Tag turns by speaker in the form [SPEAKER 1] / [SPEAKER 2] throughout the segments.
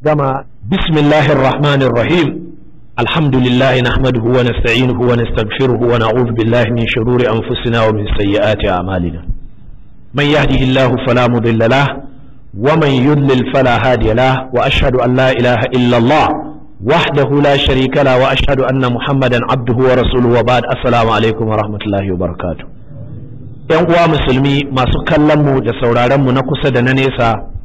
[SPEAKER 1] gama bismillahir rahmanir rahim alhamdulillah nahmaduhu wa nasta'inuhu wa nastaghfiruhu wa na'udhu billahi min shururi anfusina wa min sayyiati a'malina man yahdihillahu fala mudilla lah wa man yudlil fala hadiya lah wa ashhadu an la ilaha illa allah wahdahu la sharika la abduhu wa rasuluhu wa ba'd assalamu alaikum wa rahmatullahi wa barakatuh yan uwa musulmi masu kallon mu da sauraron mu na kusa da na nesa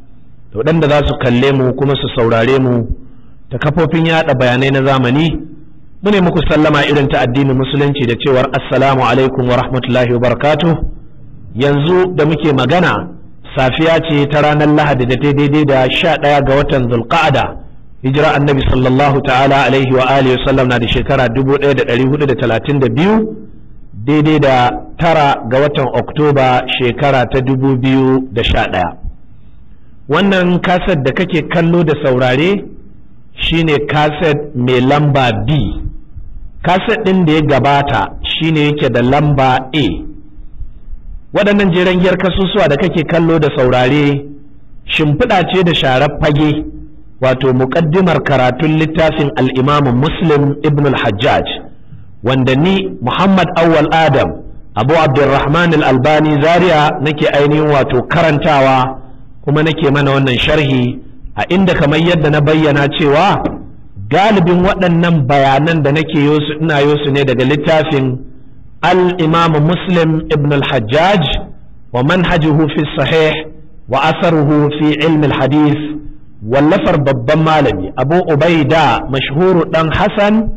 [SPEAKER 1] da waɗanda za su kalle mu kuma su saurare mu ta kafofin yaɗa bayanai na zamani mu ne muku sallama irin ta addinin musulunci da cewar assalamu alaikum wa rahmatullahi wa yanzu da muke magana safiya ce ta ranar lahadi da daidai da sha ɗaya ga watan zulqa'ada hijira annabi sallallahu ta'ala alaihi wa alihi wa sallam na da shekara 1432 daidai da tara ga watan oktoba shekara ta da sha ɗaya. wannan kaset da kake kallo da saurare shine kaset mai lamba b kaset ɗin da ya gabata shine yake da lamba a waɗannan jeren kasusuwa da kake kallo da saurare shimfiɗa ce da sharar fage wato muƙaddimar karatun littafin al'imamu muslim ibn al-hajjaj wanda ni muhammad awwal adam abu abdulrahman al-albani zaria nake ainihin wato karantawa kuma nake mana wannan sharhi a inda kamar yadda na bayyana cewa galibin waɗannan bayanan da nake yosu ina yosu ne daga littafin al-imam muslim ibn al-hajjaj wa manhajuhu fi sahih wa asaruhu fi ilm al-hadith wallafar babban malami abu ubaida mashhuru dan hasan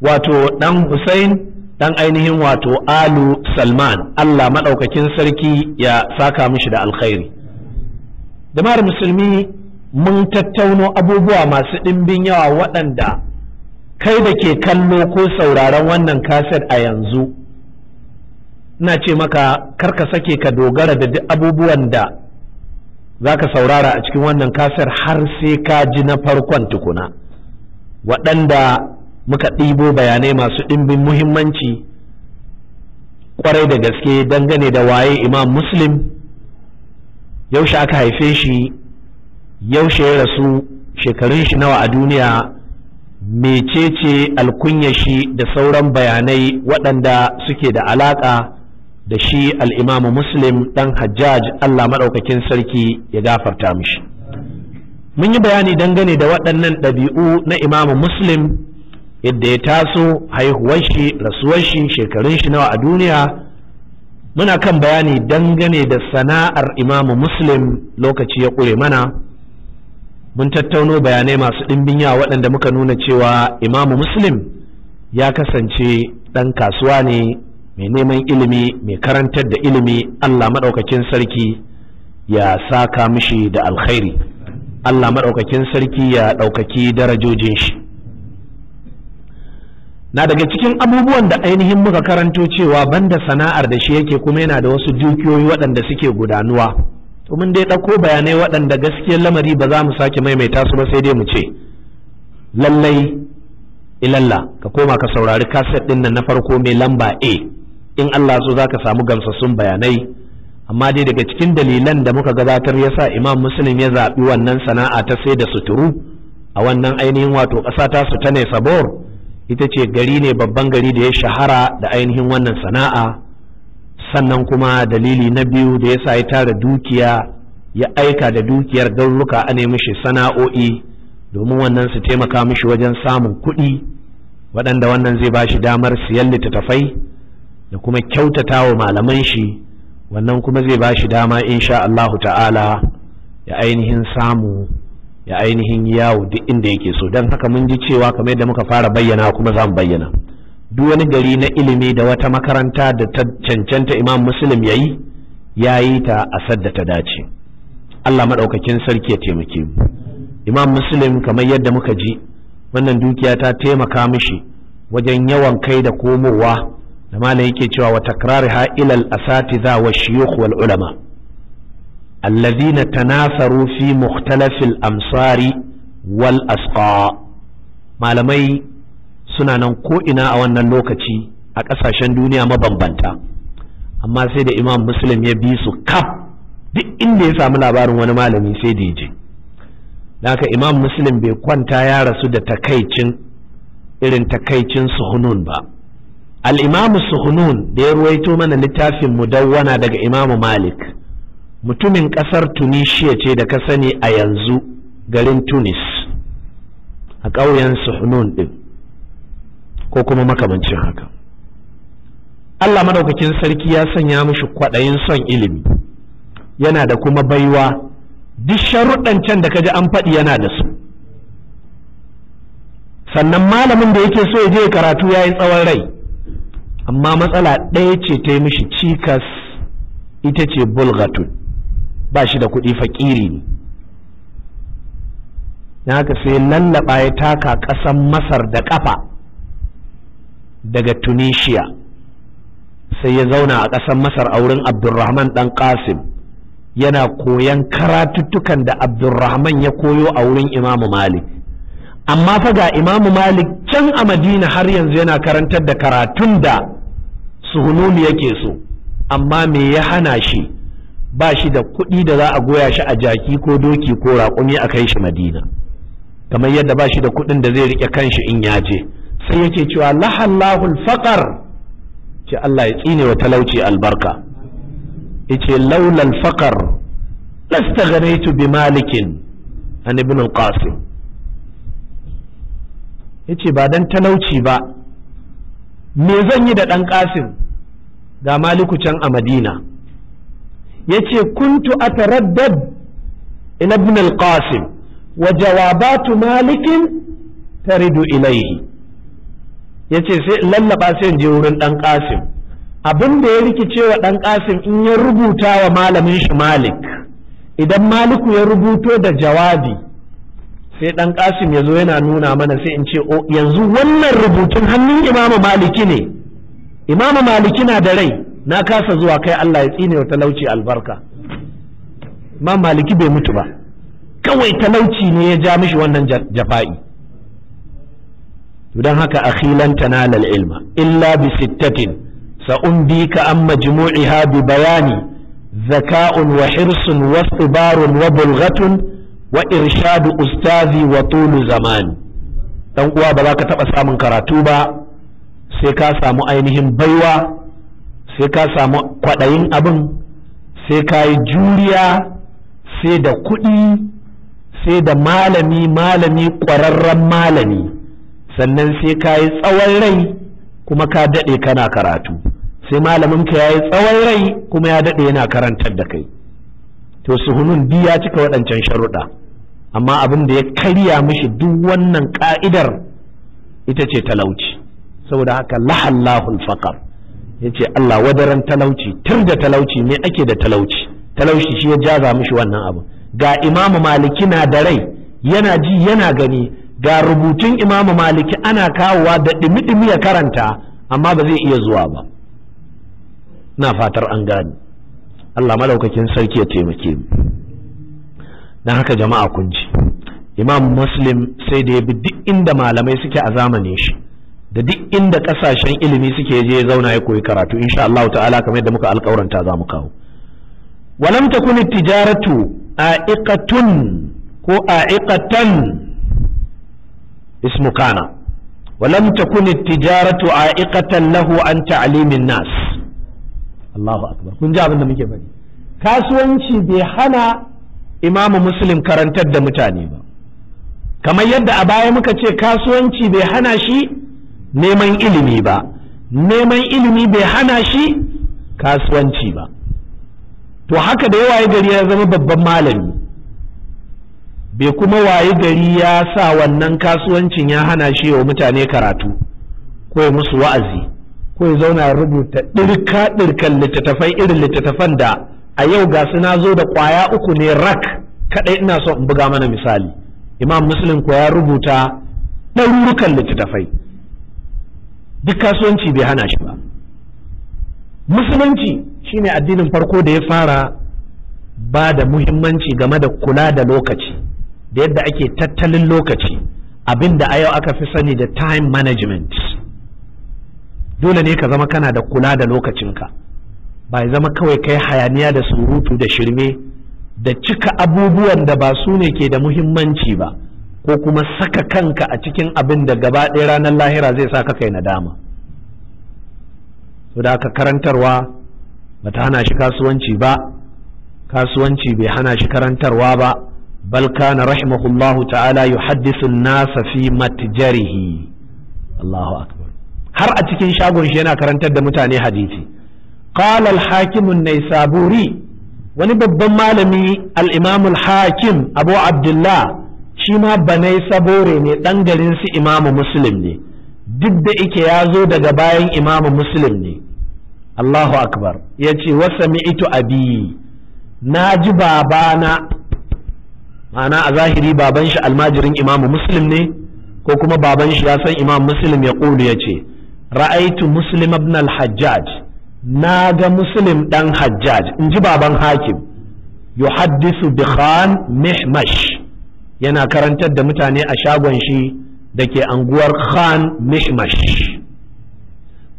[SPEAKER 1] wato dan husain dan ainihin wato alu salman allah maɗaukakin sarki ya saka mishi da alkhairi jama'ar musulmi mun tattauno abubuwa masu ɗimbin yawa waɗanda kai da ke kallo ko sauraron wannan kaset a yanzu ina ce maka karka sake ka dogara da duk abubuwan da za ka saurara a cikin wannan kasar har sai ka ji na farkon tukuna waɗanda muka ɗibo bayanai masu ɗimbin muhimmanci kwarai da gaske dangane da waye imam muslim yaushe aka haife shi yaushe ya rasu shekarun shi nawa a duniya mecece alkunya shi da sauran bayanai waɗanda suke da alaƙa da shi al'imamu muslim ɗan hajjaj Allah maɗaukakin sarki ya gafarta mishi mun yi bayani dangane da waɗannan ɗabi'u na imamu muslim yadda ya taso haihuwar shi rasuwar shi shekarun shi nawa a duniya muna kan bayani dangane da sana'ar imamu muslim lokaci ya ƙure mana mun tattauno bayanai masu ɗimbin yawa waɗanda muka nuna cewa imamu muslim ya kasance ɗan kasuwa ne mai neman ilimi mai karantar da ilimi allah maɗaukakin sarki ya saka mishi da alkhairi allah maɗaukakin sarki ya ɗaukaki darajojin shi na daga cikin abubuwan da ainihin muka karanto cewa banda sana'ar da shi yake kuma yana da wasu dukiyoyi waɗanda suke gudanuwa to mun dai ɗauko bayanai waɗanda gaskiyar lamari ba za mu sake maimaita su ba sai dai mu ce lallai ilalla ka koma ka saurari kaset ɗin nan na farko mai lamba a in Allah so za ka samu gamsassun bayanai amma dai daga cikin dalilan da muka gabatar ya sa imam muslim ya zaɓi wannan sana'a ta sai da suturu a wannan ainihin wato ƙasa ta su ta ne sabor ita ce gari ne babban gari da ya shahara da ainihin wannan sana'a sannan kuma dalili na biyu da ya sa ya tara dukiya ya aika da dukiyar garuruka a nemi shi sana'o'i domin wannan su taimaka mishi wajen samun kuɗi waɗanda wannan zai ba shi damar siyan littattafai da kuma kyautata wa malaman shi wannan kuma zai ba shi dama insha Allahu ta'ala ya ainihin samu ya ainihin yawo duk inda yake so don haka mun ji cewa kamar yadda muka fara bayyana kuma za mu bayyana duk wani gari na ilimi da wata makaranta da ta cancanta imam muslim ya yi ya yi ta a sadda ta dace allah maɗaukakin sarki ya taimake mu imam muslim kamar yadda muka ji wannan dukiya ta taimaka mishi wajen yawan kai da komowa da malam yake cewa wa takrariha ilal asatiza wa shiyukh wal ulama allazina tanasaru fi mukhtalafil amsari wal asqa malamai suna nan ko ina a wannan lokaci a ƙasashen duniya mabambanta amma sai da imam muslim ya bi su kaf duk inda ya samu labarin wani malami sai da ya je haka imam muslim bai kwanta ya rasu da takaicin irin takaicin suhunun ba al-imam suhunun da ya ruwaito mana littafin mudawwana daga imam malik mutumin ƙasar tunisia ce da ka sani a yanzu garin tunis a ƙauyen suhunun ɗin ko kuma makamancin haka allah madaukakin sarki ya sanya mishi kwaɗayin son ilimi yana da kuma baiwa duk sharuɗan can da ka ji an faɗi yana da su sannan malamin da yake so ya je karatu ya yi tsawon rai amma matsala ɗaya ce ta yi mishi cikas ita ce bulgatun ba shi da kuɗi faƙiri ne na haka sai lallaba ya taka ƙasan masar da ƙafa daga tunisia sai ya zauna a ƙasan masar a wurin abdulrahman ɗan ƙasim yana koyan karatuttukan da abdulrahman ya koyo a wurin imamu malik amma fa ga imamu malik can a madina har yanzu yana karantar da karatun da suhununi yake so amma me ya hana shi ba shi da kuɗi da za a goya shi a jaki ko doki ko raƙumi a kai shi madina kamar yadda ba shi da kuɗin da zai riƙe kanshi in ya je sai yake cewa lahallahul faqar ce Allah ya tsine wa talauci albarka yace laulal faqar lastaghnaytu bi malikin an ibn qasim yace ba dan talauci ba me zan yi da dan qasim da maliku can a madina yace kuntu ataraddad ila ibn al-qasim wa jawabatu malik taridu ilayhi yace sai lallaba sai je wurin ɗan qasim abin da ya rikice wa dan qasim in ya rubuta wa malamin shi malik idan maliku ya rubuto da jawabi sai dan qasim ya zo yana nuna mana sai in ce yanzu wannan rubutun hannun imamu maliki ne imamu maliki na da rai na kasa zuwa kai Allah ya tsine wa talauci albarka ma maliki bai mutu ba kawai talauci ne ya ja mishi wannan jafa'i don haka akhilan tanalal ilma illa bi sittatin sa'umbika an majmu'iha bi bayani zaka'un wa hirsun wa istibarun wa Bulgatun, wa irshadu ustazi wa tulu zamani dan uwa ba za ka taba samun karatu ba sai ka samu ainihin baiwa sai ka samu kwaɗayin abin sai ka yi juriya sai da kuɗi sai da malami malami ƙwararren malami sannan sai ka yi tsawon rai kuma ka daɗe kana karatu sai malaminka ya yi tsawon rai kuma ya daɗe yana karantar da kai to suhunun bi ya cika waɗancan sharuɗa amma abin da ya karya mishi duk wannan ƙa'idar ita ce talauci saboda haka lahallahul faqar ya ce Allah wadaran talauci tur da talauci ne ake da talauci talauci shi ya jaza mishi wannan abu ga imamu maliki na da rai yana ji yana gani ga rubutun imamu maliki ana kawowa da ɗimi-ɗimi ya karanta amma ba zai iya zuwa ba na fatar an gani Allah malaukakin sarki ya taimake mu dan haka jama'a kun ji imam muslim sai da ya bi duk inda malamai suke a zamanin shi da duk inda kasashen ilimi suke je zauna ya koyi karatu insha Allah ta'ala kamar yadda muka alƙawaranta za mu kawo walam takun tijaratu a'iqatun ko a'iqatan ismu kana walam takun tijaratu a'iqatan lahu an ta'limin nas Allahu akbar kun ji abin da muke bari kasuwanci bai hana imamu muslim karantar da mutane ba kamar yadda a baya muka ce kasuwanci bai hana shi neman ilimi ba neman ilimi bai hana shi kasuwanci ba to haka da ya waye gari ya zama babban malami bai kuma waye gari ya sa wannan kasuwancin ya hana shi wa mutane karatu ko ya musu wa'azi ko ya zauna rubuta ɗirka ɗirkan littattafai irin littattafan da a yau ga su na zo da ƙwaya uku ne rak kaɗai ina so in buga mana misali imam muslim ko ya rubuta ɗarurukan littattafai duk kasuwanci bai hana shi ba musulunci shine addinin farko da ya fara ba da muhimmanci game da kula da lokaci da yadda ake tattalin lokaci abinda a yau aka fi sani da time management dole ne ka zama kana da kula da lokacinka ba ya zama kawai kai hayaniya da surutu da shirme da cika abubuwan da ba su ne ke da muhimmanci ba ko kuma saka kanka a cikin abin da gaba ɗaya ranar lahira zai sa ka kai nadama to da aka karantarwa ba ta hana shi kasuwanci ba kasuwanci bai hana shi karantarwa ba bal kana rahimahullahu ta'ala yuhaddisu nasa fi matjarihi Allahu akbar har a cikin shagon shi yana karantar da mutane hadisi qala al-hakim an-naysaburi wani babban malami al-imam al-hakim abu abdullah shi ma banai sabore ne ɗan garin su imamu muslim ne duk da ike ya zo daga bayan imamu muslim ne Allahu akbar ya ce wasa mi'itu abi na ji babana ma'ana a zahiri baban shi almajirin imamu muslim ne ko kuma baban shi ya san imam muslim ya ƙulu ya ce ra'aitu muslim ibn hajjaj na ga muslim ɗan hajjaj in ji baban hakim yuhaddisu bi khan mihmash yana karantar da mutane a shagon shi da ke anguwar khan mishmash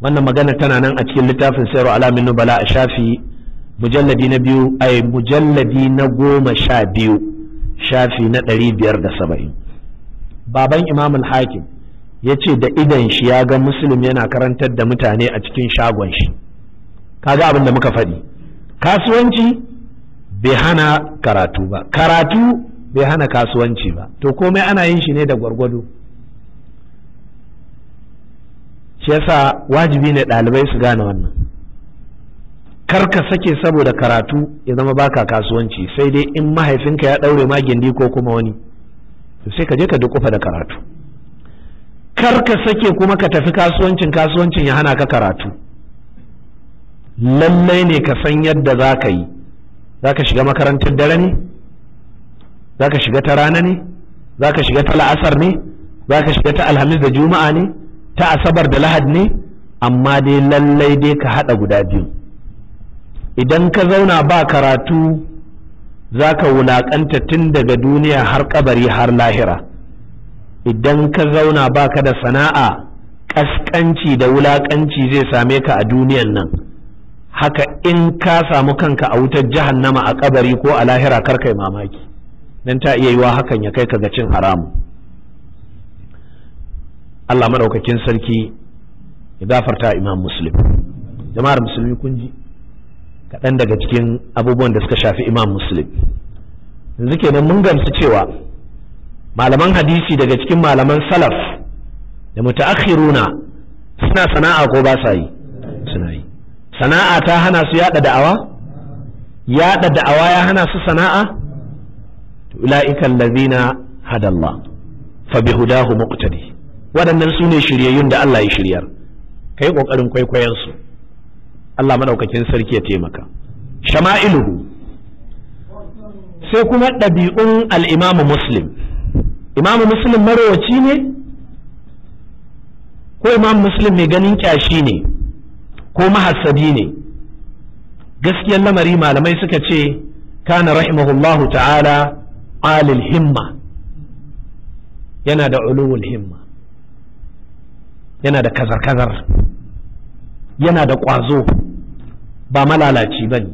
[SPEAKER 1] wannan magana tana nan a cikin littafin sayarwa alamin nubala a shafi mujalladi na biyu a mujalladi na goma sha biyu shafi na ɗari biyar da saba'in baban imam hakim ya ce da idan shi ya ga musulmi yana karantar da mutane a cikin shagon shi kaga abin da muka faɗi kasuwanci bai hana karatu ba karatu bai hana kasuwanci ba to komai ana yin shi ne da gwargwado shi yasa wajibi ne ɗalibai su gane wannan kar ka sake saboda karatu ya zama baka kasuwanci sai dai in mahaifinka ya ɗaure ma gindi ko kuma wani to sai ka je ka dukufa da karatu kar ka sake kuma ka tafi kasuwancin kasuwancin ya hana ka karatu lallai ne ka san yadda za ka yi za ka shiga makarantar dare ne za ka shiga ta rana ne za ka shiga ta la'asar ne za ka shiga ta alhamis da juma'a ne ta asabar da lahad ne amma dai lallai dai ka haɗa guda biyu idan ka zauna ba karatu za ka wulaƙanta tun daga duniya har ƙabari har lahira idan ka zauna ba ka da sana'a ƙasƙanci da wulaƙanci zai same ka a duniyan nan haka in ka samu kanka a wutar nama, a ƙabari, ko a lahira kar kai mamaki dan ta iya yiwa hakan ya kai ka ga cin haramu Allah madaukakin sarki ya gafarta imam muslim jama'ar musulmi kun ji kaɗan daga cikin abubuwan da suka shafi imam muslim yanzu kenan mun gamsu cewa malaman hadisi daga cikin malaman salaf da mutaakhiruna suna sana'a ko ba sa yi suna yi sana'a ta hana su yada da'awa yada da'awa ya hana su sana'a ula'ikan lazina hadallah fa bi hudahu muqtadi waɗannan sune shiryayyun da Allah ya shiryar kai kokarin kwaikwayon su Allah madaukakin sarki ya taimaka shama'iluhu sai kuma ɗabi'un al-imamu muslim imamu muslim marowaci ne ko imamu muslim mai ganin kyashi ne ko mahassadi ne gaskiyar lamari malamai suka ce kana rahimahullahu ta'ala alil himma yana da ulul himma yana da kazar-kazar yana da ƙwazo ba malalaci ba ne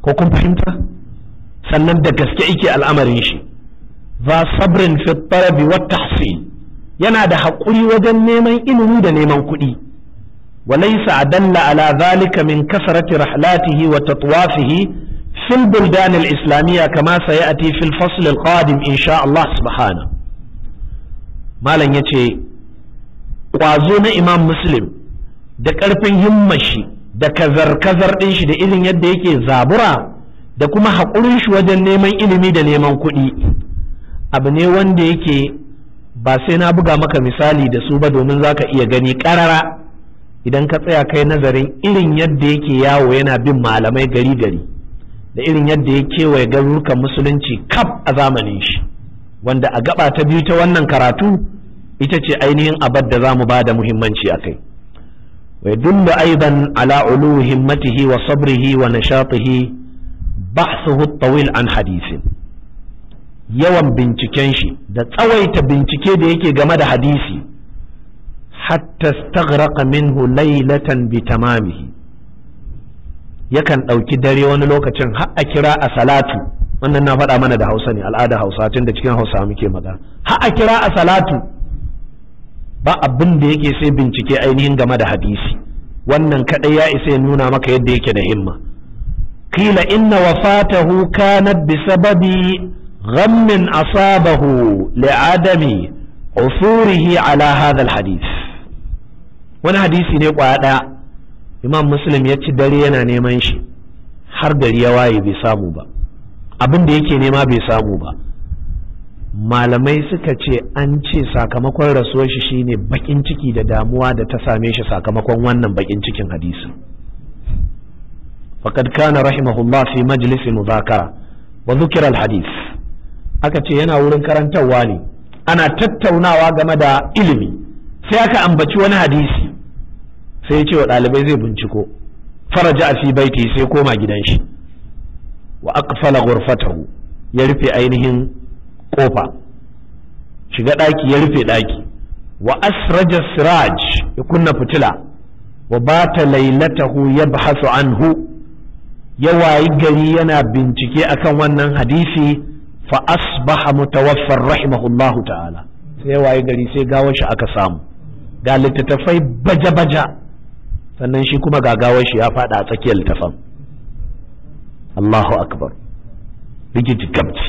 [SPEAKER 1] ko kun fahimta sannan da gaske ike al'amarin shi za sabrin fi tarabi wa yana da haƙuri wajen neman ilimi da neman kuɗi walaysa adalla ala zalika min kasrati rahlatihi wa في البلدان الإسلامية كما سيأتي في الفصل القادم إن شاء الله سبحانه ما لن يتي وازون إمام مسلم da ƙarfin himma shi da kazar-kazar ɗin shi da irin yadda yake zabura da kuma haƙurin shi wajen neman ilimi da neman kuɗi abu ne wanda yake ba sai na buga maka misali da su ba domin za ka iya gani ƙarara idan ka tsaya kai nazarin irin yadda yake yawo yana bin malamai gari-gari da irin yadda ya kewaye garurukan musulunci kaf a zamanin shi wanda a gaba ta biyu ta wannan karatu ita ce ainihin abad da za mu ba da muhimmanci a kai ويدل أيضا على علو همته wa ونشاطه بحثه الطويل an hadisin. yawan binciken shi da tsawaita bincike da yake game da hadisi hatta staghraqa minhu laylatan bi tamamihi yakan ɗauki dare wani lokacin har a kira a salatu wannan na faɗa mana da hausa ne al'ada hausa tun da cikin hausa muke magana har a kira a salatu ba abin da yake sai bincike ainihin game da hadisi wannan kaɗai ya isa ya nuna maka yadda yake da himma kila inna wafatahu kanat bisababi ghammin asabahu li'adami usurihi ala hadha alhadith wani hadisi ne kwaya ɗaya imam muslim ya ci dare yana neman shi har gari ya waye bai samu ba abin da yake nema bai samu ba malamai suka ce an ce sakamakon rasuwar shi shine bakin ciki da damuwa da ta same shi sakamakon wannan bakin cikin hadisi faqad kana rahimahullah fi majlis muzakara wa dhukira alhadith aka ce yana wurin karantarwa ne ana tattaunawa game da ilimi sai aka ambaci wani hadisi sai ya ce wa ɗalibai zai binciko faraja a fi baiti sai koma gidan shi wa aqfala ghurfatahu ya rufe ainihin kofa shiga ɗaki ya rufe ɗaki wa asraja siraj ya kunna fitila wa bata lailatahu yabhasu anhu ya wayi gari yana bincike akan wannan hadisi fa asbaha mutawaffar rahimahullahu ta'ala sai ya wayi gari sai gawar shi aka samu ga littattafai baja-baja sannan shi kuma gagawar shi ya fada a tsakiyar littafan Allahu akbar rigidi gamci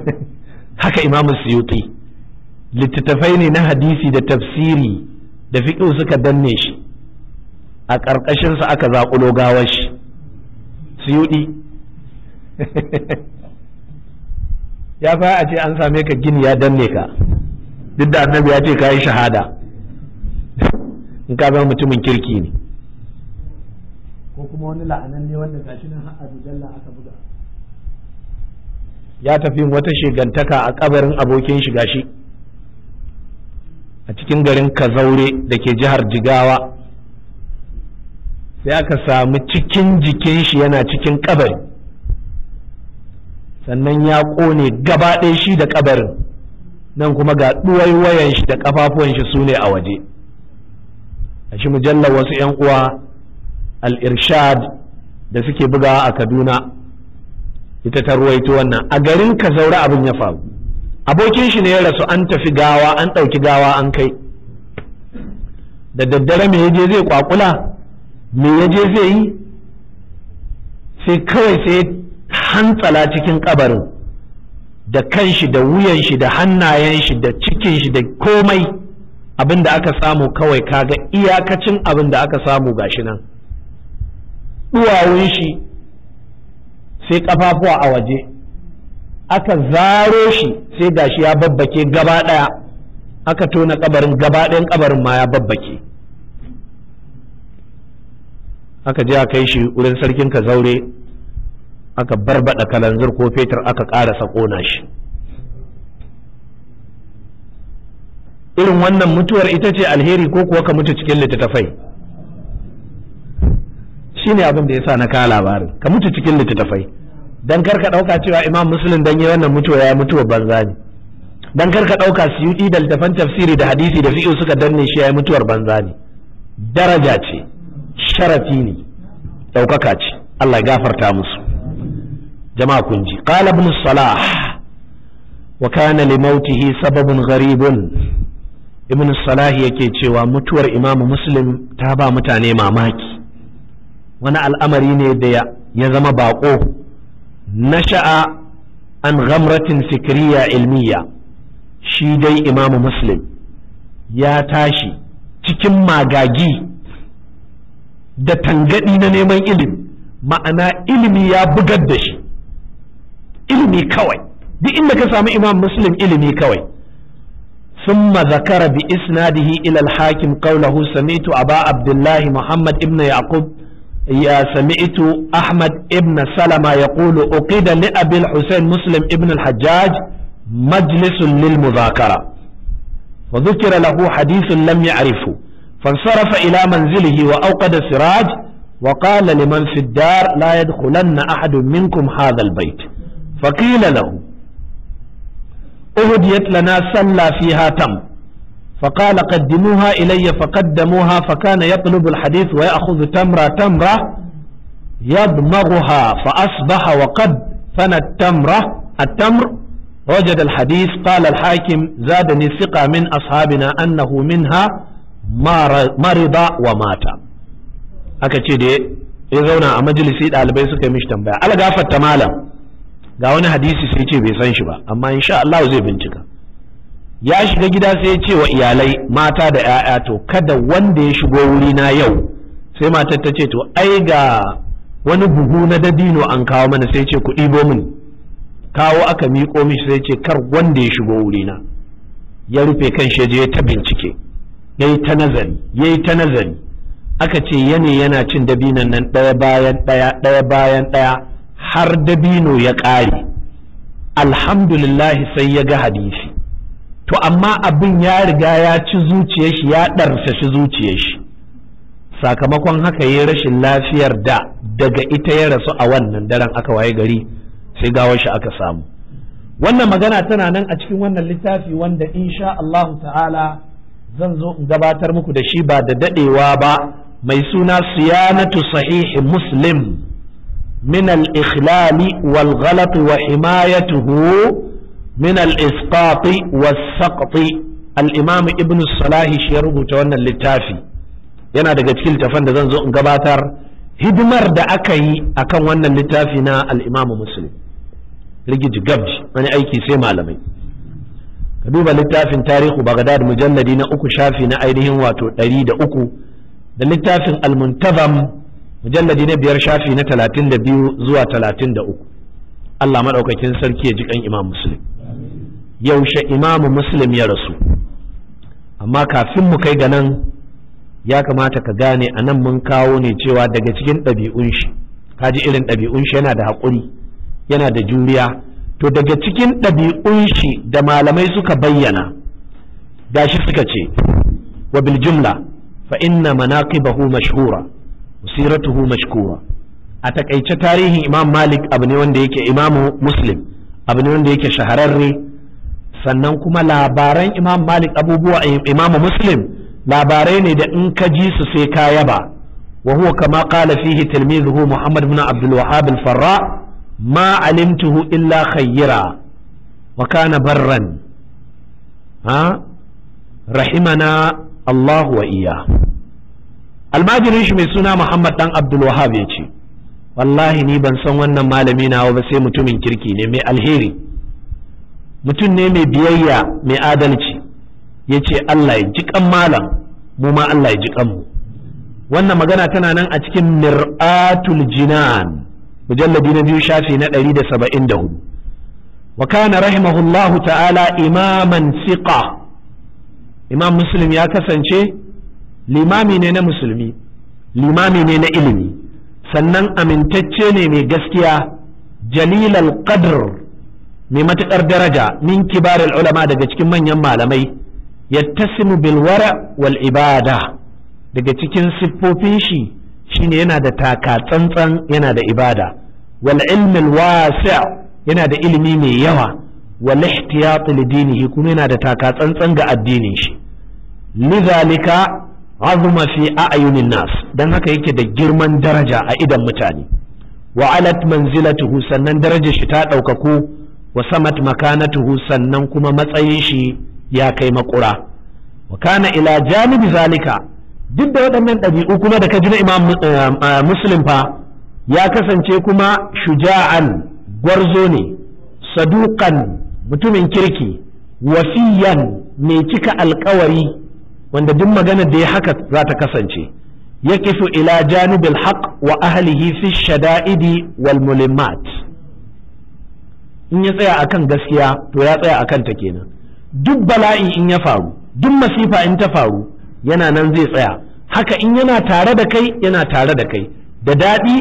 [SPEAKER 1] haka imamu suyuti littattafai ne na hadisi da tafsiri da fiƙin suka danne shi a ƙarƙashinsa aka zaƙulo gawar shi suyuti ya fa a ce an same ka gini ya danne ka duk da annabi ya ce ka yi shahada in ka zama mutumin kirki ne ko kuma wani la'anan ne wanda gashi nan har mujalla aka buga ya tafi wata shigantaka a kabarin abokin shi gashi a cikin garin kazaure da ke jihar jigawa sai aka samu cikin jikin shi yana cikin kabari sannan ya kone gaba ɗaya shi da kabarin nan kuma ga ɗuwaiwayen shi da ƙafafuwan shi sune a waje a shi mujallar wasu 'yan uwa al da suke bugawa a kaduna ita ta ruwaito wannan a garin ka saura abin ya faru abokin shi ne ya rasu an tafi gawa an ɗauki gawa an kai da daddare me yaje zai kwakula me yaje zai yi sai kawai sai hantsala cikin kabarin da kanshi da wuyan shi da hannayen shi da cikin shi da komai abin da aka samu kawai kaga iyakacin abin da aka samu gashi nan duwawun shi sai kafafuwa a waje aka zaro shi sai gashi ya babbake gaba daya aka tona kabarin gaba ɗayan kabarin ma ya babbake aka je a kai shi wurin sarkin ka zaure aka barbada kalanzir ko fetur aka ƙarasa ƙona shi irin wannan mutuwar ita ce alheri ko kuwa ka mutu cikin littattafai Shi ne abin da ya sa na kawo labarin ka mutu cikin littattafai Don kar ka ɗauka cewa imam Musulun don yi wannan mutuwa ya mutuwa banza ne Don kar ka dauka suyudi da littafan tafsiri da hadisi da fiqh suka danne shi ya yi mutuwar banza ne daraja ce sharafi ne Ɗaukaka ce Allah ya gafarta musu jama'a kun ji qala ibn salah wa kana li mautihi sababun gharibun ibn salahi yake cewa mutuwar imamu muslim ta ba mutane mamaki wani al'amari ne da ya zama baƙo na sha'a an ghamratin fikiriya ilmiya shi dai imamu muslim ya tashi cikin magagi da tangadi na neman ilimi ma'ana ilimi ya bugar da shi ilimi kawai duk inda ka samu imam muslim ilimi kawai ثم ذكر بإسناده إلى الحاكم قوله سمعت أبا عبد الله محمد ابن يعقوب يا سمعت أحمد ابن سلمة يقول أقيد لأبي الحسين مسلم ابن الحجاج مجلس للمذاكرة وذكر له حديث لم يعرفه فانصرف إلى منزله وأوقد سراج وقال لمن في الدار لا يدخلن أحد منكم هذا البيت فقيل له uhudiyat lana salla fiha tam فقال قدموها إلي فقدموها فكان يطلب الحديث ويأخذ تمرة تمرة يضمغها فأصبح وقد فنى التمرة التمر وجد الحديث قال الحاكم زادني ثقة من أصحابنا أنه منها مرض ومات أكتشي دي يزونا مجلسي الألبيس كمش تنبيع على قافة تمالا ga wani hadisi sai ce bai san shi ba amma insha Allah zai bincika ya shiga gida sai ya ce wa iyalai mata da 'ya'ya to kada wanda ya shigo wuri na yau sai matar ta ce to ai ga wani buhu na dadino an kawo mana sai ce ku ɗibo mini kawo aka miƙo mishi sai ce kar wanda ya shigo wuri na ya rufe kan shi je ta bincike ya yi ta nazari ya yi ta nazari aka ce yane yana cin dabinan nan ɗaya bayan ɗaya ɗaya bayan ɗaya har dabino ya ƙare alhamdulillah sai ya ga hadisi to amma abin ya riga ya ci zuciyar shi ya ɗarsa shi zuciyar shi sakamakon haka ya rashin lafiyar da daga ita ya rasu a wannan daren aka waye gari sai gawar shi aka samu wannan magana tana nan a cikin wannan littafi wanda insha Allahu ta'ala zan zo in gabatar muku da shi ba da daɗewa ba mai suna siyanatu sahihi muslim Minal al-ikhlali wal ghalat wa himayatuhu min al-isqat was saqt al ibn shi ya rubuta wannan littafi yana daga cikin littafan da zan zo in gabatar hidimar da aka yi akan wannan littafi na al-imam muslim rigiji gabji wani aiki sai malamai ka duba littafin tarihu bagdad mujalladi na uku shafi na ainihin wato ɗari da uku da littafin muntazam mujalladi na biyar shafi na talatin da biyu zuwa talatin da uku Allah maɗaukakin sarki ya ji kan imam muslim yaushe imamu muslim ya rasu amma kafin mu kai ga nan ya kamata ka gane a nan mun kawo ne cewa daga cikin ɗabi'un shi kaji irin ɗabi'un shi yana da haƙuri yana da juriya to daga cikin ɗabi'un shi da malamai suka bayyana gashi suka ce wa bil jumla fa inna manaqibahu mashhura siratuhu mashkura a takaice tarihin imam malik abu ne wanda yake imamu muslim abu ne wanda yake shahararre sannan kuma labaran imam malik abubuwa imamu muslim labarai ne da in ka ji su sai ka yaba wa huwa kama qala fihi tilmizuhu muhammad ibn abdul wahhab al farra ma illa khayyira wa kana barran ha rahimana Allahu wa iya almajirin shi mai suna muhammad dan abdul wahab ya ce wallahi ni ban san wannan malami na ba sai mutumin kirki ne mai alheri mutum ne mai biyayya mai adalci ya ce allah ya ji kan malam mu ma allah ya ji kan mu wannan magana tana nan a cikin mir'atul jinan mujalladi na biyu shafi na ɗari da saba'in da hudu wa kana rahimahullahu ta'ala imaman siqa imam muslim ya kasance limami ne na musulmi limami ne na ilimi sannan amintacce ne mai gaskiya jalilal qadr mai matuƙar daraja min kibaril ulama daga cikin manyan malamai yattasimu bil wara wal ibada daga cikin siffofin shi shine yana da taka tsantsan yana da ibada wal ilmil wasi' yana da ilimi mai yawa wal ihtiyat li dinihi kuma yana da taka tsantsan ga addinin shi lidhalika azuma fi a'yunin nas dan haka yake da girman daraja a idan mutane wa alat manzilatuhu sannan darajar shi ta ɗaukaku wa samat makanatuhu sannan kuma matsayin shi ya kai makura wa kana ila janibi zalika duk da waɗannan ɗabi'u kuma da kaji na imam eh, eh, muslim fa ya kasance kuma shuja'an gwarzo ne saduqan mutumin kirki wasiyan mai cika alkawari wanda duk maganar da ya haka za ta kasance fi ila janibil haqq wa ahlihi fi shada'idi wal mulimat in ya tsaya akan gaskiya to ya tsaya akan ta kenan duk bala'i in ya faru duk masifa in ta faru yana nan zai tsaya haka in yana tare da kai yana tare da kai da daɗi